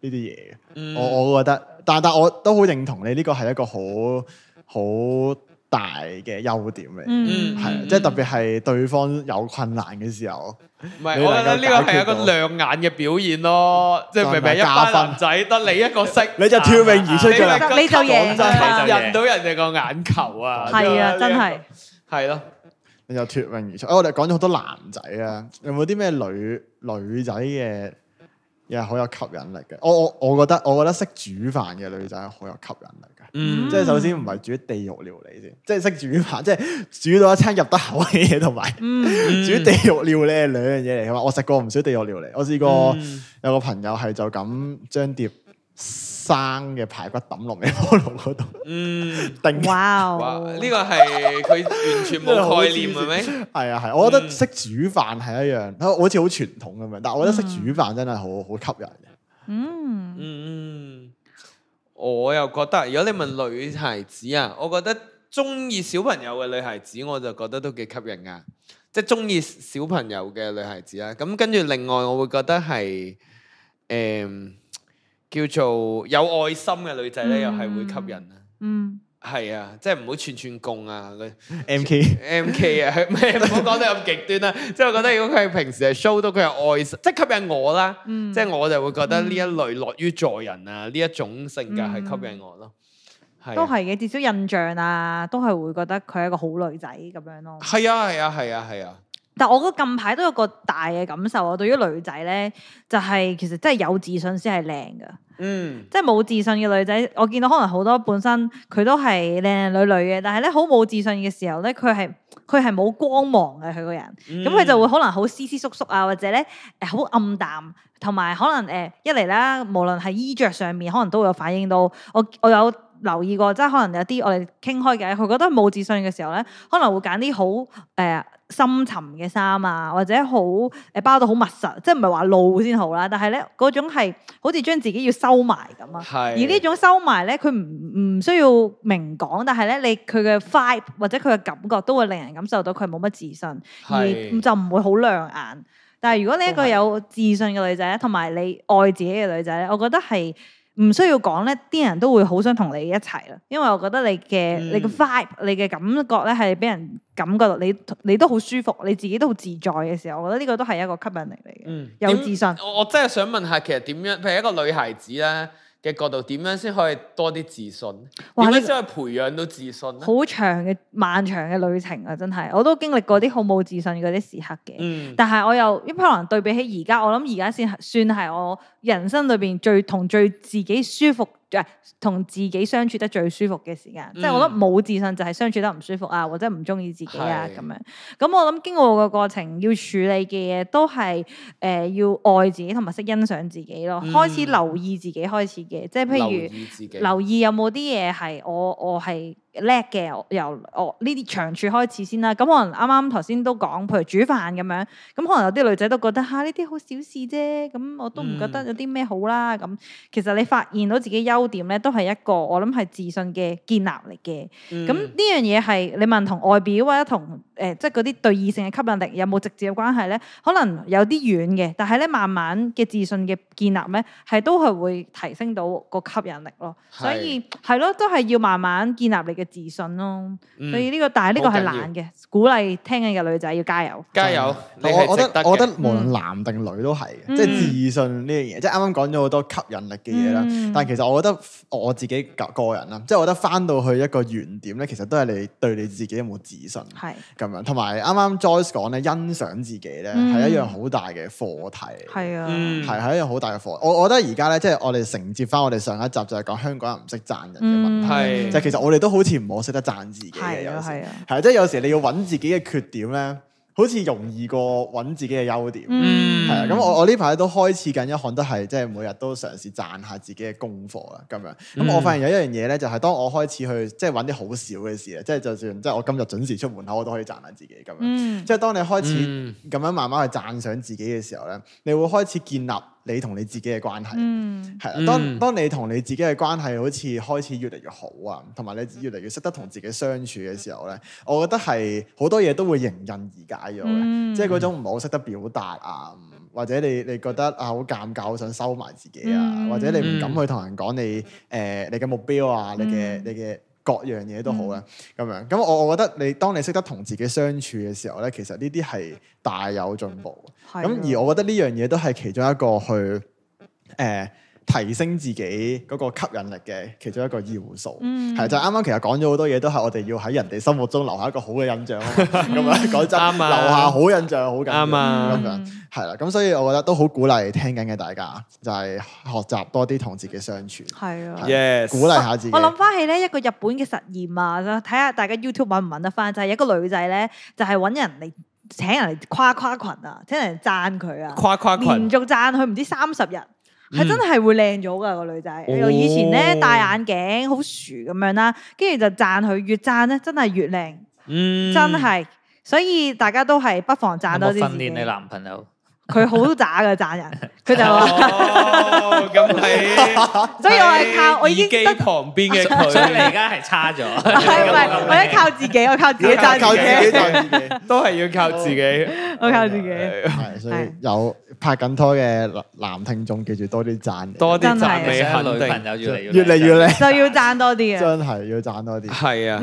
呢啲嘢嘅。嗯、我我覺得，但但我都好認同你呢、這個係一個好好。大嘅優點嚟，係、嗯、即係特別係對方有困難嘅時候，嗯、我覺得呢個係一個亮眼嘅表現咯，即係明明一百份仔得你一個識，分你就脫穎而出， 就你就贏吸引到人哋個眼球啊！係啊， 真係係咯，你 就脫穎而出。哦、哎，我哋講咗好多男仔啊，有冇啲咩女女仔嘅？又係好有吸引力嘅，我我我覺得，我覺得識煮飯嘅女仔好有吸引力嘅，mm. 即係首先唔係煮地獄料理先，即係識煮飯，即係煮到一餐入得口嘅嘢，同埋、mm. 煮地獄料理係兩樣嘢嚟嘅嘛。我食過唔少地獄料理，我試過有個朋友係就咁將碟生嘅排骨抌落微波爐嗰度，嗯，哇，哦、哇，呢個係佢完全冇概念係咪？係啊，係、啊，啊嗯、我覺得識煮飯係一樣，好似好傳統咁樣，但係我覺得識煮飯真係好好吸引嘅、嗯對 嗯，嗯嗯，我又覺得，如果你問女孩子啊，我覺得中意小朋友嘅女孩子，我就覺得都幾吸引㗎，即係中意小朋友嘅女孩子啊。咁跟住另外我會覺得係，誒、嗯。叫做有愛心嘅女仔咧，又係會吸引、嗯、串串啊！嗯 MK，係啊，即係唔好串串供啊！MK MK 啊，唔好講得咁極端啦、啊。 即係我覺得，如果佢平時係 show 到佢有愛心，即係吸引我啦。嗯、即係我就會覺得呢一類樂於助人啊，呢一、嗯、種性格係吸引我咯。都係嘅，至少印象啊，都係會覺得佢係一個好女仔咁樣咯。係啊，係啊，係啊，係啊。但我覺得近排都有個大嘅感受啊！我對於女仔呢，就係、是、其實真係有自信先係靚嘅。嗯、即係冇自信嘅女仔，我見到可能好多本身佢都係靚靚女女嘅，但係呢，好冇自信嘅時候呢，佢係，佢係冇光芒嘅佢個人。咁佢、嗯、就會可能好斯斯縮縮啊，或者呢好、呃、暗淡，同埋可能誒、呃、一嚟啦，無論係衣着上面，可能都會有反映到我，我有留意過，即係可能有啲我哋傾開偈，佢覺得冇自信嘅時候呢，可能會揀啲好誒。呃深沉嘅衫啊，或者好誒包到好密實，即係唔係話露先好啦？但係咧嗰種係好似將自己要收埋咁啊。是而呢種收埋咧，佢唔唔需要明講，但係咧你佢嘅 vibe 或者佢嘅感覺都會令人感受到佢冇乜自信，是而就唔會好亮眼。但係如果你一個有自信嘅女仔咧，同埋是你愛自己嘅女仔咧，我覺得係。唔需要講咧，啲人都會好想同你一齊啦。因為我覺得你嘅你嘅 vibe，你嘅感覺咧係俾人感覺到你你都好舒服，你自己都好自在嘅時候，我覺得呢個都係一個吸引力嚟嘅。嗯，有自信。我真係想問下，其實點樣？譬如一個女孩子咧嘅角度，點樣先可以多啲自信？點嘩樣先可以培養到自信？好長嘅漫長嘅旅程啊！真係，我都經歷過啲好冇自信嗰啲時刻嘅。嗯。但係我又因為可能對比起而家，我諗而家先算係我。人生裏邊最同最自己舒服，唔、啊、係同自己相處得最舒服嘅時間，嗯、即係我覺得冇自信就係相處得唔舒服啊，或者唔中意自己啊咁是樣。咁、嗯、我諗經過個過程，要處理嘅嘢都係誒、呃、要愛自己同埋識欣賞自己咯，嗯、開始留意自己開始嘅，即係譬如留意，留意有冇啲嘢係我我係，叻嘅，由我呢啲長處開始先啦。咁可能啱啱頭先都講，譬如煮飯咁樣，咁可能有啲女仔都覺得嚇呢啲好小事啫。咁我都唔覺得有啲咩好啦。咁、嗯、其實你發現到自己優點咧，都係一個我諗係自信嘅建立嚟嘅。咁呢、嗯、樣嘢係你問同外表或者同誒即係嗰啲對異性嘅吸引力有冇直接嘅關係咧？可能有啲遠嘅，但係咧慢慢嘅自信嘅建立咧，係都係會提升到個吸引力咯。是所以係咯，都係要慢慢建立你嘅。自信咯，嗯、所以呢、這個但係呢個係難嘅，鼓勵聽緊嘅女仔要加油。加油的！我我覺得我覺得無論男定女都係，即係、嗯、自信呢樣嘢。即係啱啱講咗好多吸引力嘅嘢啦，嗯、但係其實我覺得我自己個人啦，即、就、係、是、我覺得翻到去一個原點咧，其實都係你對你自己有冇自信咁樣。同埋啱啱 Joyce 講咧，欣賞自己咧係一樣好大嘅課題。係、嗯、啊，係係、嗯、一樣好大嘅課題。我我覺得而家咧，即、就、係、是、我哋承接翻我哋上一集就係講香港人唔識讚人嘅問題。嗯、就其實我哋都好似。唔好識得讚自己，係啊係啊，即係、啊、有時你要搵自己嘅缺點呢好似容易過搵自己嘅優點。嗯，係啊。咁我我呢排都開始緊一項，都係即係每日都嘗試讚下自己嘅功課啊。咁樣，咁我發現有一樣嘢呢，就係、是、當我開始去即係搵啲好少嘅事咧，即係就算即係我今日準時出門口，我都可以讚下自己咁樣。嗯，即係當你開始咁樣慢慢去讚賞自己嘅時候呢，你會開始建立。你同你自己嘅關係，係啊、嗯，當當你同你自己嘅關係好似開始越嚟越好啊，同埋你越嚟越識得同自己相處嘅時候咧，我覺得係好多嘢都會迎刃而解咗嘅，嗯、即係嗰種唔係好識得表達啊，或者你你覺得啊好尷尬，好想收埋自己啊，嗯、或者你唔敢去同人講你誒、呃、你嘅目標啊、嗯，你嘅你嘅。嗯各樣嘢都好咧，咁、嗯、樣咁我我覺得你當你識得同自己相處嘅時候呢，其實呢啲係大有進步嘅。咁是的 而我覺得呢樣嘢都係其中一個去誒。呃提升自己嗰個吸引力嘅其中一個要素，係就啱啱其實講咗好多嘢，都係我哋要喺人哋心目中留下一個好嘅印象，咁啊講真， 留下好印象好、嗯、緊要，咁啊，係啦，咁所以我覺得都好鼓勵聽緊嘅大家，就係、是、學習多啲同自己相處，係啊鼓勵下自己。我諗翻起呢一個日本嘅實驗啊，睇下大家 YouTube 揾唔揾得翻，就係、是、一個女仔呢，就係揾人嚟請人嚟誇誇群啊，請人嚟贊佢啊，誇誇羣，連續贊佢唔知三十日。係、嗯、真係會靚咗噶個女仔，又以前咧、哦、戴眼鏡好薯咁樣啦，跟住就贊佢，越贊咧真係越靚，真係、嗯，所以大家都係不妨贊多啲自己。訓練你男朋友。佢好渣噶，讚人，佢就話，咁係，所以我係靠我已依機旁邊嘅佢，你而家係差咗。唔係，我係靠自己，我靠自己讚，靠自己，都係要靠自己。我靠自己，係所以有拍緊拖嘅男聽眾，記住多啲讚，多啲讚，俾女朋友越嚟越嚟越靚，就要讚多啲嘅。真係要讚多啲，係啊。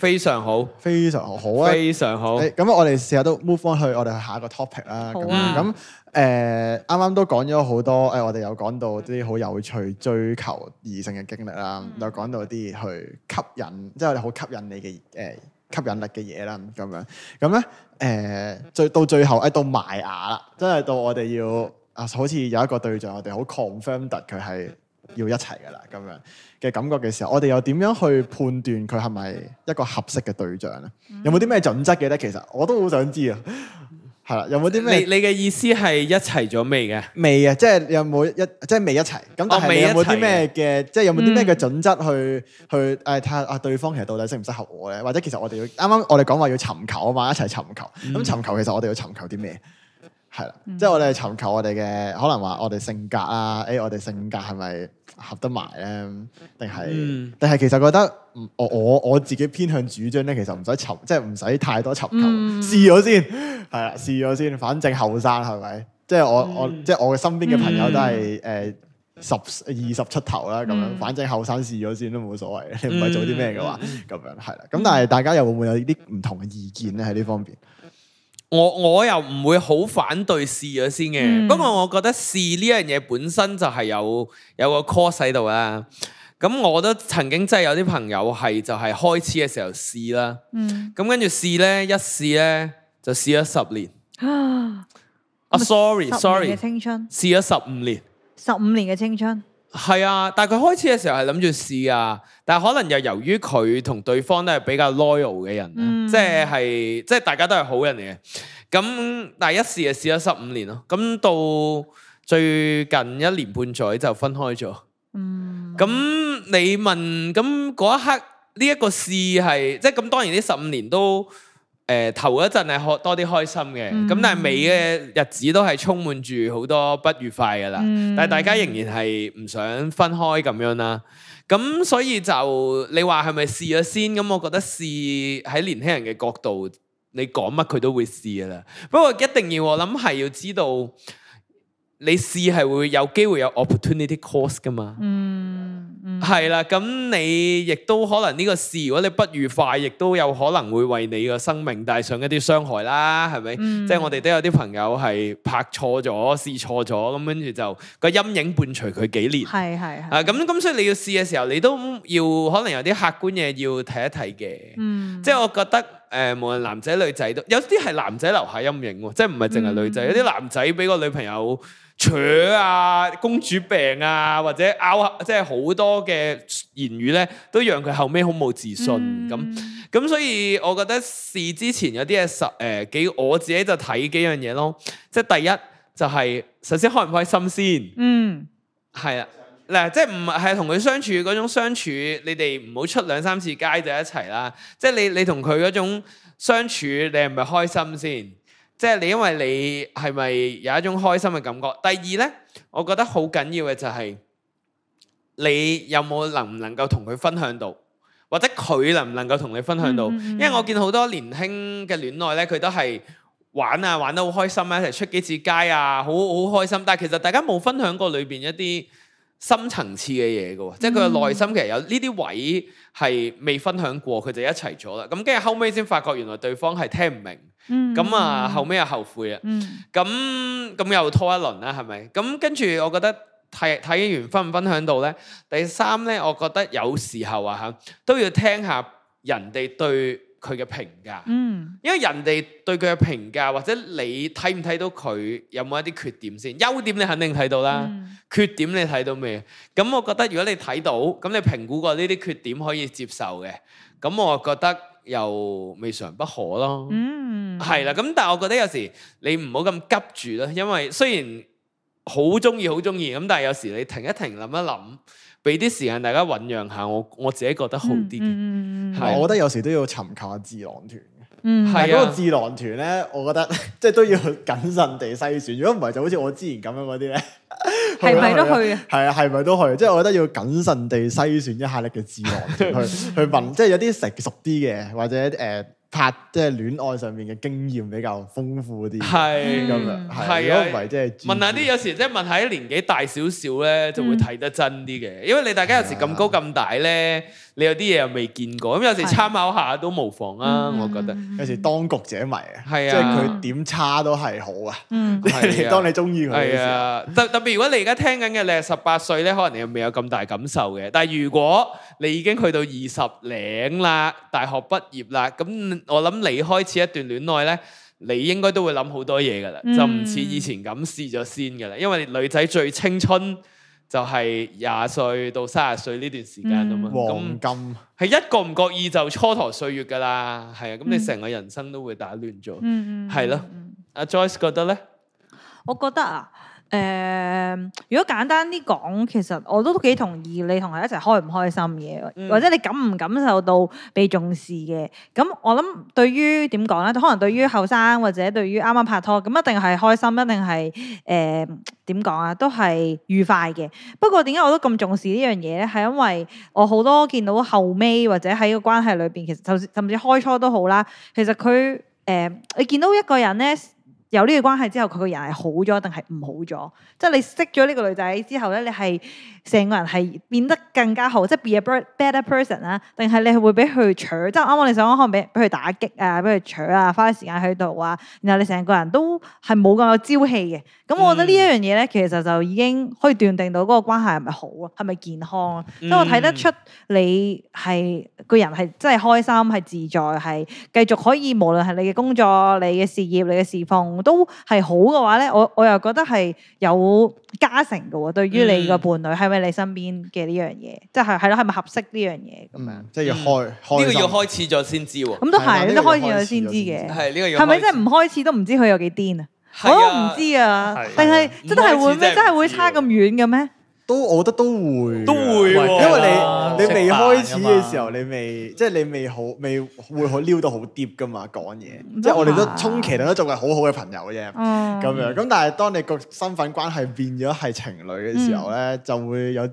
非常好，非常好，啊、非常好，啊、哎，非常好。咁我哋試下都 move 翻去我哋去下一個 topic 啦、啊。咁咁誒，啱啱、呃、都講咗好多。誒、哎，我哋有講到啲好有趣追求異性嘅經歷啦，又講、嗯、到啲去吸引，即係好吸引你嘅誒、呃、吸引力嘅嘢啦。咁樣咁咧誒，最到最後喺、哎、到埋牙啦，真、就、係、是、到我哋要啊，好似有一個對象，我哋好 confirm 得佢係。要一齊噶啦，咁樣嘅感覺嘅時候，我哋又點樣去判斷佢係咪一個合適嘅對象咧？嗯、有冇啲咩準則嘅咧？其實我都好想知啊。係 啦，有冇啲咩？你嘅意思係一齊咗未嘅、就是就是哦？未啊，即係有冇一即係未一齊？咁、我、未、是、有冇啲咩嘅？即係有冇啲咩嘅準則去、嗯、去誒睇下啊？對方其實到底適唔適合我咧？或者其實我哋要啱啱我哋講話要尋求啊嘛，一齊尋求。咁、嗯、尋求其實我哋要尋求啲咩？係啦，嗯、即係我哋尋求我哋嘅可能話我哋性格啊，誒、哎、我哋性格係咪，合得埋咧，定係？定係、嗯、其實覺得我，我我我自己偏向主張咧，其實唔使尋，即係唔使太多尋求、嗯，試咗先，係啦，試咗先。反正後生，係咪？即、就、係、是、我、嗯、我即係、就是、我嘅身邊嘅朋友都係誒、嗯呃、十二十出頭啦，咁樣。嗯、反正後生試咗先都冇所謂，你唔係做啲咩嘅話，咁、嗯、樣係啦。咁、嗯、但係大家又會唔會有啲唔同嘅意見咧？喺呢方面。我我又唔會好反對試咗先嘅，嗯、不過我覺得試呢樣嘢本身就係有有個 course 喺度啦。咁我都曾經真係有啲朋友係就係開始嘅時候試啦。咁跟住試呢，一試呢，就試咗十年。啊，啊 sorry sorry，十年嘅青春，試咗、啊、十,十五年，十五年嘅青春。係啊，但係佢開始嘅時候係諗住試啊，但係可能又由於佢同對方都係比較 loyal 嘅人，嗯、即係即係大家都係好人嚟嘅，咁但係一試就試咗十五年咯，咁到最近一年半載就分開咗。咁、嗯、你問咁嗰一刻呢一個試係即係咁當然呢十五年都。誒頭、呃、一陣係學多啲開心嘅，咁、嗯、但係尾嘅日子都係充滿住好多不愉快嘅啦。嗯、但係大家仍然係唔想分開咁樣啦、啊，咁所以就你話係咪試咗先？咁我覺得試喺年輕人嘅角度，你講乜佢都會試噶啦。不過一定要我諗係要知道，你試係會有機會有 opportunity cost 噶嘛。嗯係啦，咁、嗯、你亦都可能呢個事。如果你不愉快，亦都有可能會為你個生命帶上一啲傷害啦，係咪？即係、嗯、我哋都有啲朋友係拍錯咗，試錯咗，咁跟住就個陰影伴隨佢幾年。係係係，咁咁所以你要試嘅時候，你都要可能有啲客觀嘢要睇一睇嘅。即係、嗯、我覺得誒、呃，無論男仔女仔都，有啲係男仔留下陰影，即係唔係淨係女仔，嗯、有啲男仔俾個女朋友。蠢啊，公主病啊，或者拗，即係好多嘅言語咧，都讓佢後屘好冇自信咁。咁、嗯、所以我覺得試之前有啲嘢實誒幾，我自己就睇幾樣嘢咯。即係第一就係、是、首先開唔開心先。嗯，係啊，嗱，即係唔係同佢相處嗰種相處，你哋唔好出兩三次街就一齊啦。即係你你同佢嗰種相處，你係咪開心先？即係你，因為你係咪有一種開心嘅感覺？第二呢，我覺得好緊要嘅就係你有冇能唔能夠同佢分享到，或者佢能唔能夠同你分享到？嗯嗯嗯，因為我見好多年輕嘅戀愛呢，佢都係玩啊，玩得好開心啊，一齊出幾次街啊，好好開心。但係其實大家冇分享過裏邊一啲。深層次嘅嘢嘅喎，即係佢嘅內心其實有呢啲位係未分享過，佢、嗯、就一齊咗啦。咁跟住後尾先發覺原來對方係聽唔明，咁、嗯、啊後尾又後悔啦。咁咁、嗯、又拖一輪啦，係咪？咁跟住我覺得睇睇完分唔分享到呢？第三呢，我覺得有時候啊嚇都要聽下人哋對佢嘅評價，嗯、因為人哋對佢嘅評價，或者你睇唔睇到佢有冇一啲缺點先？優點你肯定睇到啦，嗯、缺點你睇到未？咁我覺得如果你睇到，咁你評估過呢啲缺點可以接受嘅，咁我覺得又未嘗不可咯。嗯，係啦。咁但係我覺得有時你唔好咁急住咯，因為雖然好中意，好中意咁，但係有時你停一停，諗一諗。俾啲時間大家醞釀下我，我自己覺得好啲。係、嗯，嗯、吧我覺得有時都要尋求下智囊團。嗯，係啊。嗰個智囊團咧，嗯、我覺得即係、就是、都要謹慎地篩選。如果唔係，就好似我之前咁樣嗰啲咧，係 咪、啊都，啊、都去？係啊，係咪都去？即係我覺得要謹慎地篩選一下你嘅智囊團、嗯、去去問。即係 有啲成熟啲嘅，或者誒。呃拍，即係戀愛上面嘅經驗比較豐富啲，咁樣係啊，如果唔係，即係問下啲，有時即係問下啲年紀大少少咧，就會睇得真啲嘅，嗯、因為你大家有時咁高咁大咧。的你有啲嘢又未見過，咁有時參考下都無妨啊！嗯、我覺得有時當局者迷啊，即係佢點差都係好啊、嗯、 你啊。係當你中意佢嘅時候特特別如果你而家聽緊嘅你係十八歲咧，可能你又未有咁大感受嘅。但係如果你已經去到二十零啦，大學畢業啦，咁我諗你開始一段戀愛咧，你應該都會諗好多嘢㗎啦，嗯、就唔似以前咁試咗先㗎啦。因為女仔最青春。就係廿歲到三十歲呢段時間啊嘛，嗯、咁黃金係一個唔覺意就蹉跎歲月噶啦，係啊，咁你成個人生都會打亂咗，係咯，阿 Joyce 覺得咧？我覺得啊。誒、呃，如果簡單啲講，其實我都幾同意你同佢一齊開唔開心嘅，嗯、或者你感唔感受到被重視嘅。咁我諗對於點講咧，可能對於後生或者對於啱啱拍拖，咁一定係開心，一定係誒點講啊，都係愉快嘅。不過點解我都咁重視呢樣嘢咧？係因為我好多見到後尾或者喺個關係裏邊，其實甚至甚至開初都好啦，其實佢誒、呃、你見到一個人咧。有呢個關係之後，佢個，個人係好咗定係唔好咗？即係你識咗呢個女仔之後咧，你係成個人係變得更加好，即係 be a better person 啦、啊。定係你係會俾佢搶？即係啱啱你想講，可能俾俾佢打擊啊，俾佢搶啊，花啲時間喺度啊。然後你成個人都係冇咁有朝氣嘅。咁我覺得呢一樣嘢咧，嗯、其實就已經可以斷定到嗰個關係係咪好啊？係咪健康啊？即係、嗯、我睇得出你係個人係真係開心、係自在、係繼續可以無論係你嘅工作、你嘅事業、你嘅侍奉。都係好嘅話咧，我我又覺得係有加成嘅喎。對於你個伴侶，係咪、嗯、你身邊嘅呢樣嘢？即係係咯，係咪合適呢樣嘢咁樣？嗯、即係要、嗯、開心，呢個要開始咗先知喎。咁都係，你都、呢個、開始咗先知嘅。係呢、呢個要係咪即係唔開始都唔知佢有幾癲的啊？我都唔知啊，定係真係會咩？真係會差咁遠嘅咩？都，我覺得都會，都會、啊，因為你、嗯、你未開始嘅時候，你未即係你未好，未會好撩到好 deep 噶嘛，講嘢。即係我哋都充其量都仲係好好嘅朋友嘅，啫、嗯。咁樣。咁但係當你個身份關係變咗係情侶嘅時候咧，嗯、就會有啲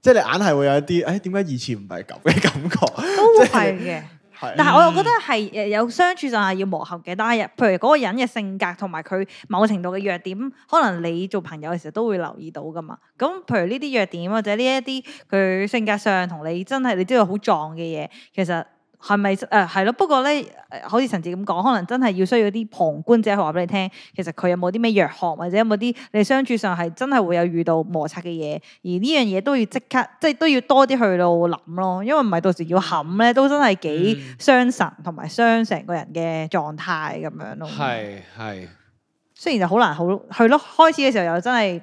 即係你硬係會有一啲，誒點解以前唔係咁嘅感覺，都會嘅 即。但係我又覺得係誒有相處就係要磨合嘅，但係譬如嗰個人嘅性格同埋佢某程度嘅弱點，可能你做朋友嘅時候都會留意到㗎嘛。咁譬如呢啲弱點或者呢一啲佢性格上同你真係你知道好撞嘅嘢，其實。係咪？誒，係、呃、咯。不過咧、呃，好似陳志咁講，可能真係要需要啲旁觀者話俾你聽。其實佢有冇啲咩弱項，或者有冇啲你相處上係真係會有遇到摩擦嘅嘢。而呢樣嘢都要即刻，即係都要多啲去到諗咯。因為唔係到時要冚咧，都真係幾傷神，同埋傷成個人嘅狀態咁樣咯。係係、嗯。雖然就好難好，去咯。開始嘅時候又真係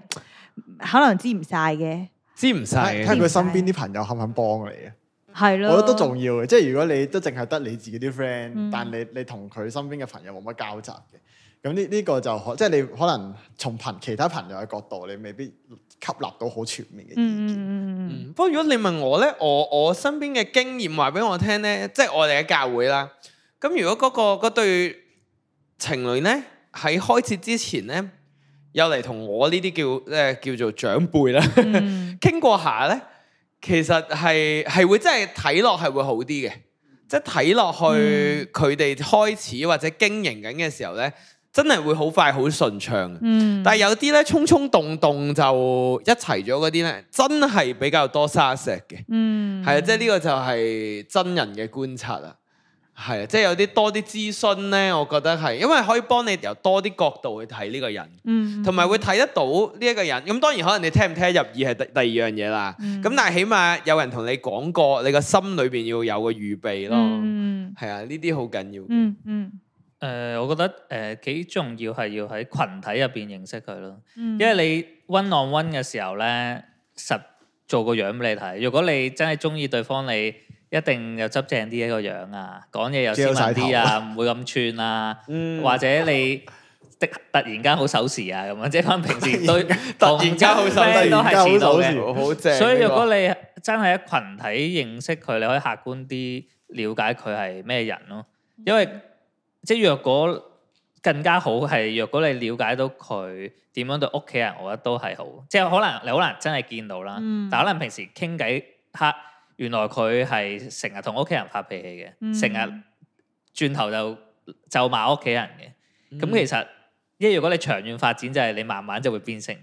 可能知唔晒嘅，知唔晒。睇佢身邊啲朋友肯唔肯幫你啊？係是咯，我覺得都重要嘅。即係如果你都淨係得你自己啲 friend、嗯、但係你你同佢身邊嘅朋友冇乜交集嘅，咁呢呢個就可即係你可能從朋其他朋友嘅角度，你未必吸納到好全面嘅意見。嗯、不過、嗯嗯嗯、如果你問我咧，我我身邊嘅經驗話俾我聽咧，即、就、係、是、我哋嘅教會啦。咁如果嗰、那個對情侶咧喺開始之前咧，又嚟同我呢啲叫咧、呃、叫做長輩啦傾、嗯、 過下咧。其實係係會真係睇落係會好啲嘅，即係睇落去佢哋、嗯、開始或者經營緊嘅時候很很、嗯、呢，真係會好快好順暢。但係有啲呢，衝衝動動就一齊咗嗰啲呢，真係比較多沙石嘅。嗯，係啊，即係呢個就係真人嘅觀察啦。係啊，即係、就是、有啲多啲諮詢咧，我覺得係，因為可以幫你由多啲角度去睇呢個人，同埋、嗯、會睇得到呢一個人。咁當然可能你聽唔聽入耳係第第二樣嘢啦。咁、嗯、但係起碼有人同你講過，你個心裏邊要有個預備咯。係啊、嗯，呢啲好緊要嗯。嗯嗯、呃。我覺得誒、呃、幾重要係要喺群體入邊認識佢咯。嗯、因為你 one on one 嘅時候咧，實做個樣俾你睇。如果你真係中意對方，你。一定又執正啲一個樣啊，講嘢又斯文啲啊，唔會咁串啊，嗯、或者你的突然間好守時啊，咁啊，即係可能平時對突然間好守時都係似到嘅，好正。所以若果你真係喺群體認識佢，你可以客觀啲了解佢係咩人咯。因為、嗯、即係若果更加好係，若果你了解到佢點樣對屋企人，我覺得都係好。即係可能你好難真係見到啦，但可，到但可能平時傾偈嚇。原來佢係成日同屋企人發脾氣嘅，成日轉頭就咒罵屋企人嘅。咁、嗯、其實，因為如果你長遠發展，就係、是、你慢慢就會變成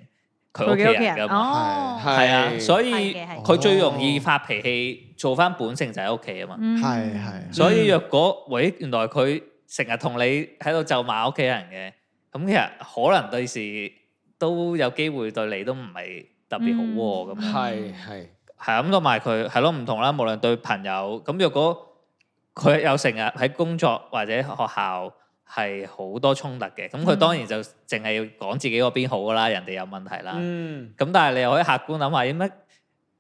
佢屋企人噶嘛。係、哦、啊，是所以佢最容易發脾氣，做翻本性就喺屋企啊嘛。係係、嗯。所以若果喂，原來佢成日同你喺度咒罵屋企人嘅，咁其實可能對事都有機會對你都唔係特別好咁。係係、嗯。係咁，同埋佢係咯唔同啦。無論對朋友，咁如果佢有成日喺工作或者學校係好多衝突嘅，咁佢、嗯、當然就淨係要講自己嗰邊好噶啦，人哋有問題啦。咁、嗯、但係你又可以客觀諗下，點解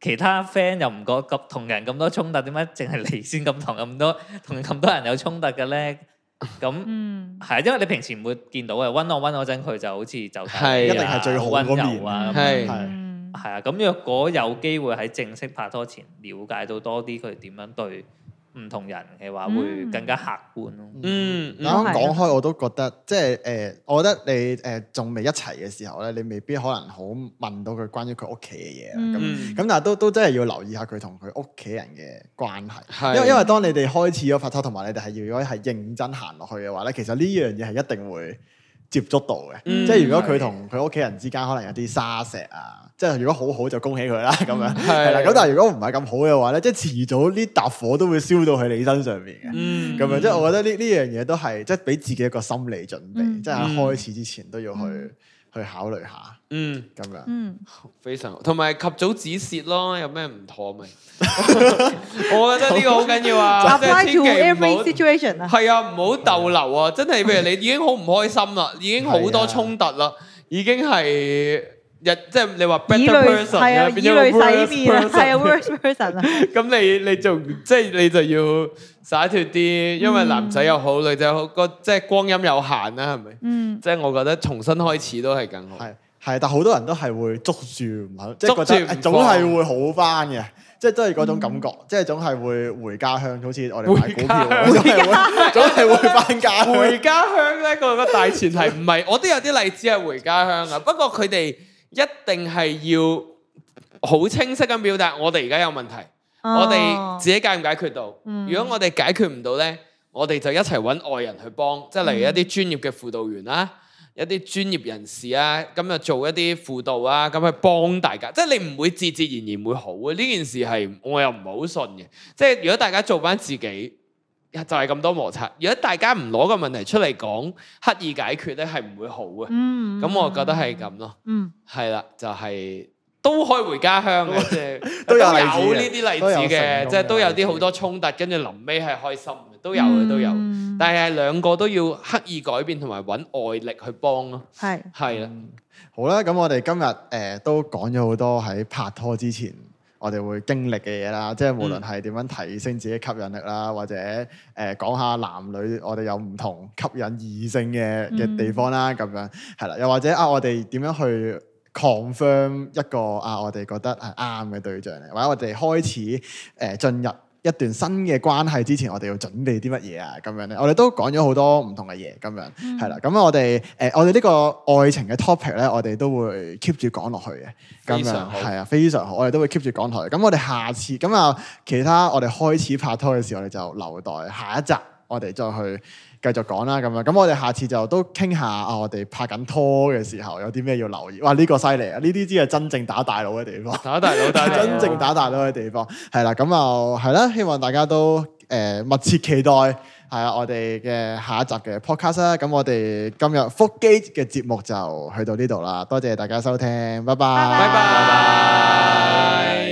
其他 friend 又唔覺得同人咁多衝突，點解淨係你先咁同咁多同咁多人有衝突嘅咧？咁係、嗯、因為你平時唔會見到嘅，揾我揾我陣，佢就好似就係一、啊、一定係最好嗰面啊。邊是係啊，咁若果有機會喺正式拍拖前了解到多啲佢點樣對唔同人嘅話，嗯、會更加客觀咯。嗯，咁講開我都覺得，嗯、即係誒、呃，我覺得你誒仲、呃、未一齊嘅時候咧，你未必可能好問到佢關於佢屋企嘅嘢。咁咁、嗯，但係都都真係要留意下佢同佢屋企人嘅關係。係，因為因為當你哋開始咗拍拖，同埋你哋係如果係認真行落去嘅話咧，其實呢樣嘢係一定會。接觸到嘅，即係如果佢同佢屋企人之間可能有啲沙石啊，即係如果好好就恭喜佢啦咁樣，係啦。咁但係如果唔係咁好嘅話咧，即係遲早呢沓火都會燒到喺你身上邊嘅，咁樣即係我覺得呢呢樣嘢都係即係俾自己一個心理準備，即係喺開始之前都要去。去考慮下，嗯，咁樣，嗯，非常好，同埋及早止蝕咯，有咩唔妥咪？ 我覺得呢個好緊要啊，Apply to every situation。係 千祈唔好逗留啊！真係譬如你已經好唔開心啦，已經好多衝突啦，啊、已經係。即係你話 better person 啦，係啊，洗面啦，係啊，person 啊。咁你你做即係你就要灑脱啲，因為男仔又好，女仔又好，個即係光陰有限啦，係咪？嗯。即係我覺得重新開始都係更好。係係，但好多人都係會捉住唔肯，即係覺得總係會好翻嘅，即係都係嗰種感覺，即係總係會回家鄉，好似我哋買股票，總係會總係會翻家。回家鄉咧，個個大前提唔係，我都有啲例子係回家鄉啊，不過佢哋。一定係要好清晰咁表達，我哋而家有問題，哦、我哋自己解唔解決到？嗯、如果我哋解決唔到呢，我哋就一齊揾外人去幫，即係例如一啲專業嘅輔導員啦，嗯、一啲專業人士啊，咁就做一啲輔導啊，咁去幫大家。即係你唔會自自然然會好嘅，呢件事係我又唔係好信嘅。即係如果大家做翻自己。就係咁多摩擦，如果大家唔攞個問題出嚟講，刻意解決咧，係唔會好嘅。嗯，咁我覺得係咁咯。嗯，係啦，就係、是、都開回家鄉嘅，即係都，都有呢啲例子嘅，即係都有啲好多衝突，跟住臨尾係開心都有嘅、嗯、都有。但係兩個都要刻意改變，同埋揾外力去幫咯、啊。係係啦。好啦，咁我哋今日誒、呃、都講咗好多喺拍拖之前。我哋會經歷嘅嘢啦，即係無論係點樣提升自己吸引力啦，或者誒、呃、講下男女我哋有唔同吸引異性嘅嘅地方啦，咁、嗯、樣係啦，又或者啊，我哋點樣去 confirm 一個啊，我哋覺得係啱嘅對象，嚟？或者我哋開始誒、呃、進入。一段新嘅關係之前，我哋要準備啲乜嘢啊？咁樣咧，我哋都講咗好多唔同嘅嘢，咁樣係啦。咁、嗯、我哋誒、呃，我哋呢個愛情嘅 topic 咧，我哋都會 keep 住講落去嘅。咁樣非常好，係啊，非常好。我哋都會 keep 住講落去。咁我哋下次咁啊，其他我哋開始拍拖嘅時候，我哋就留待下一集，我哋再去。繼續講啦，咁樣咁我哋下次就都傾下、啊、我哋拍緊拖嘅時候有啲咩要留意。哇！呢、呢個犀利啊，呢啲只係真正打大佬嘅地方，打大佬， 真正打大佬嘅地方係啦，咁了就係啦。希望大家都誒、呃、密切期待係啊，我哋嘅下一集嘅 podcast 啦。咁我哋今日腹肌嘅節目就去到呢度啦。多謝大家收聽，拜拜，拜拜。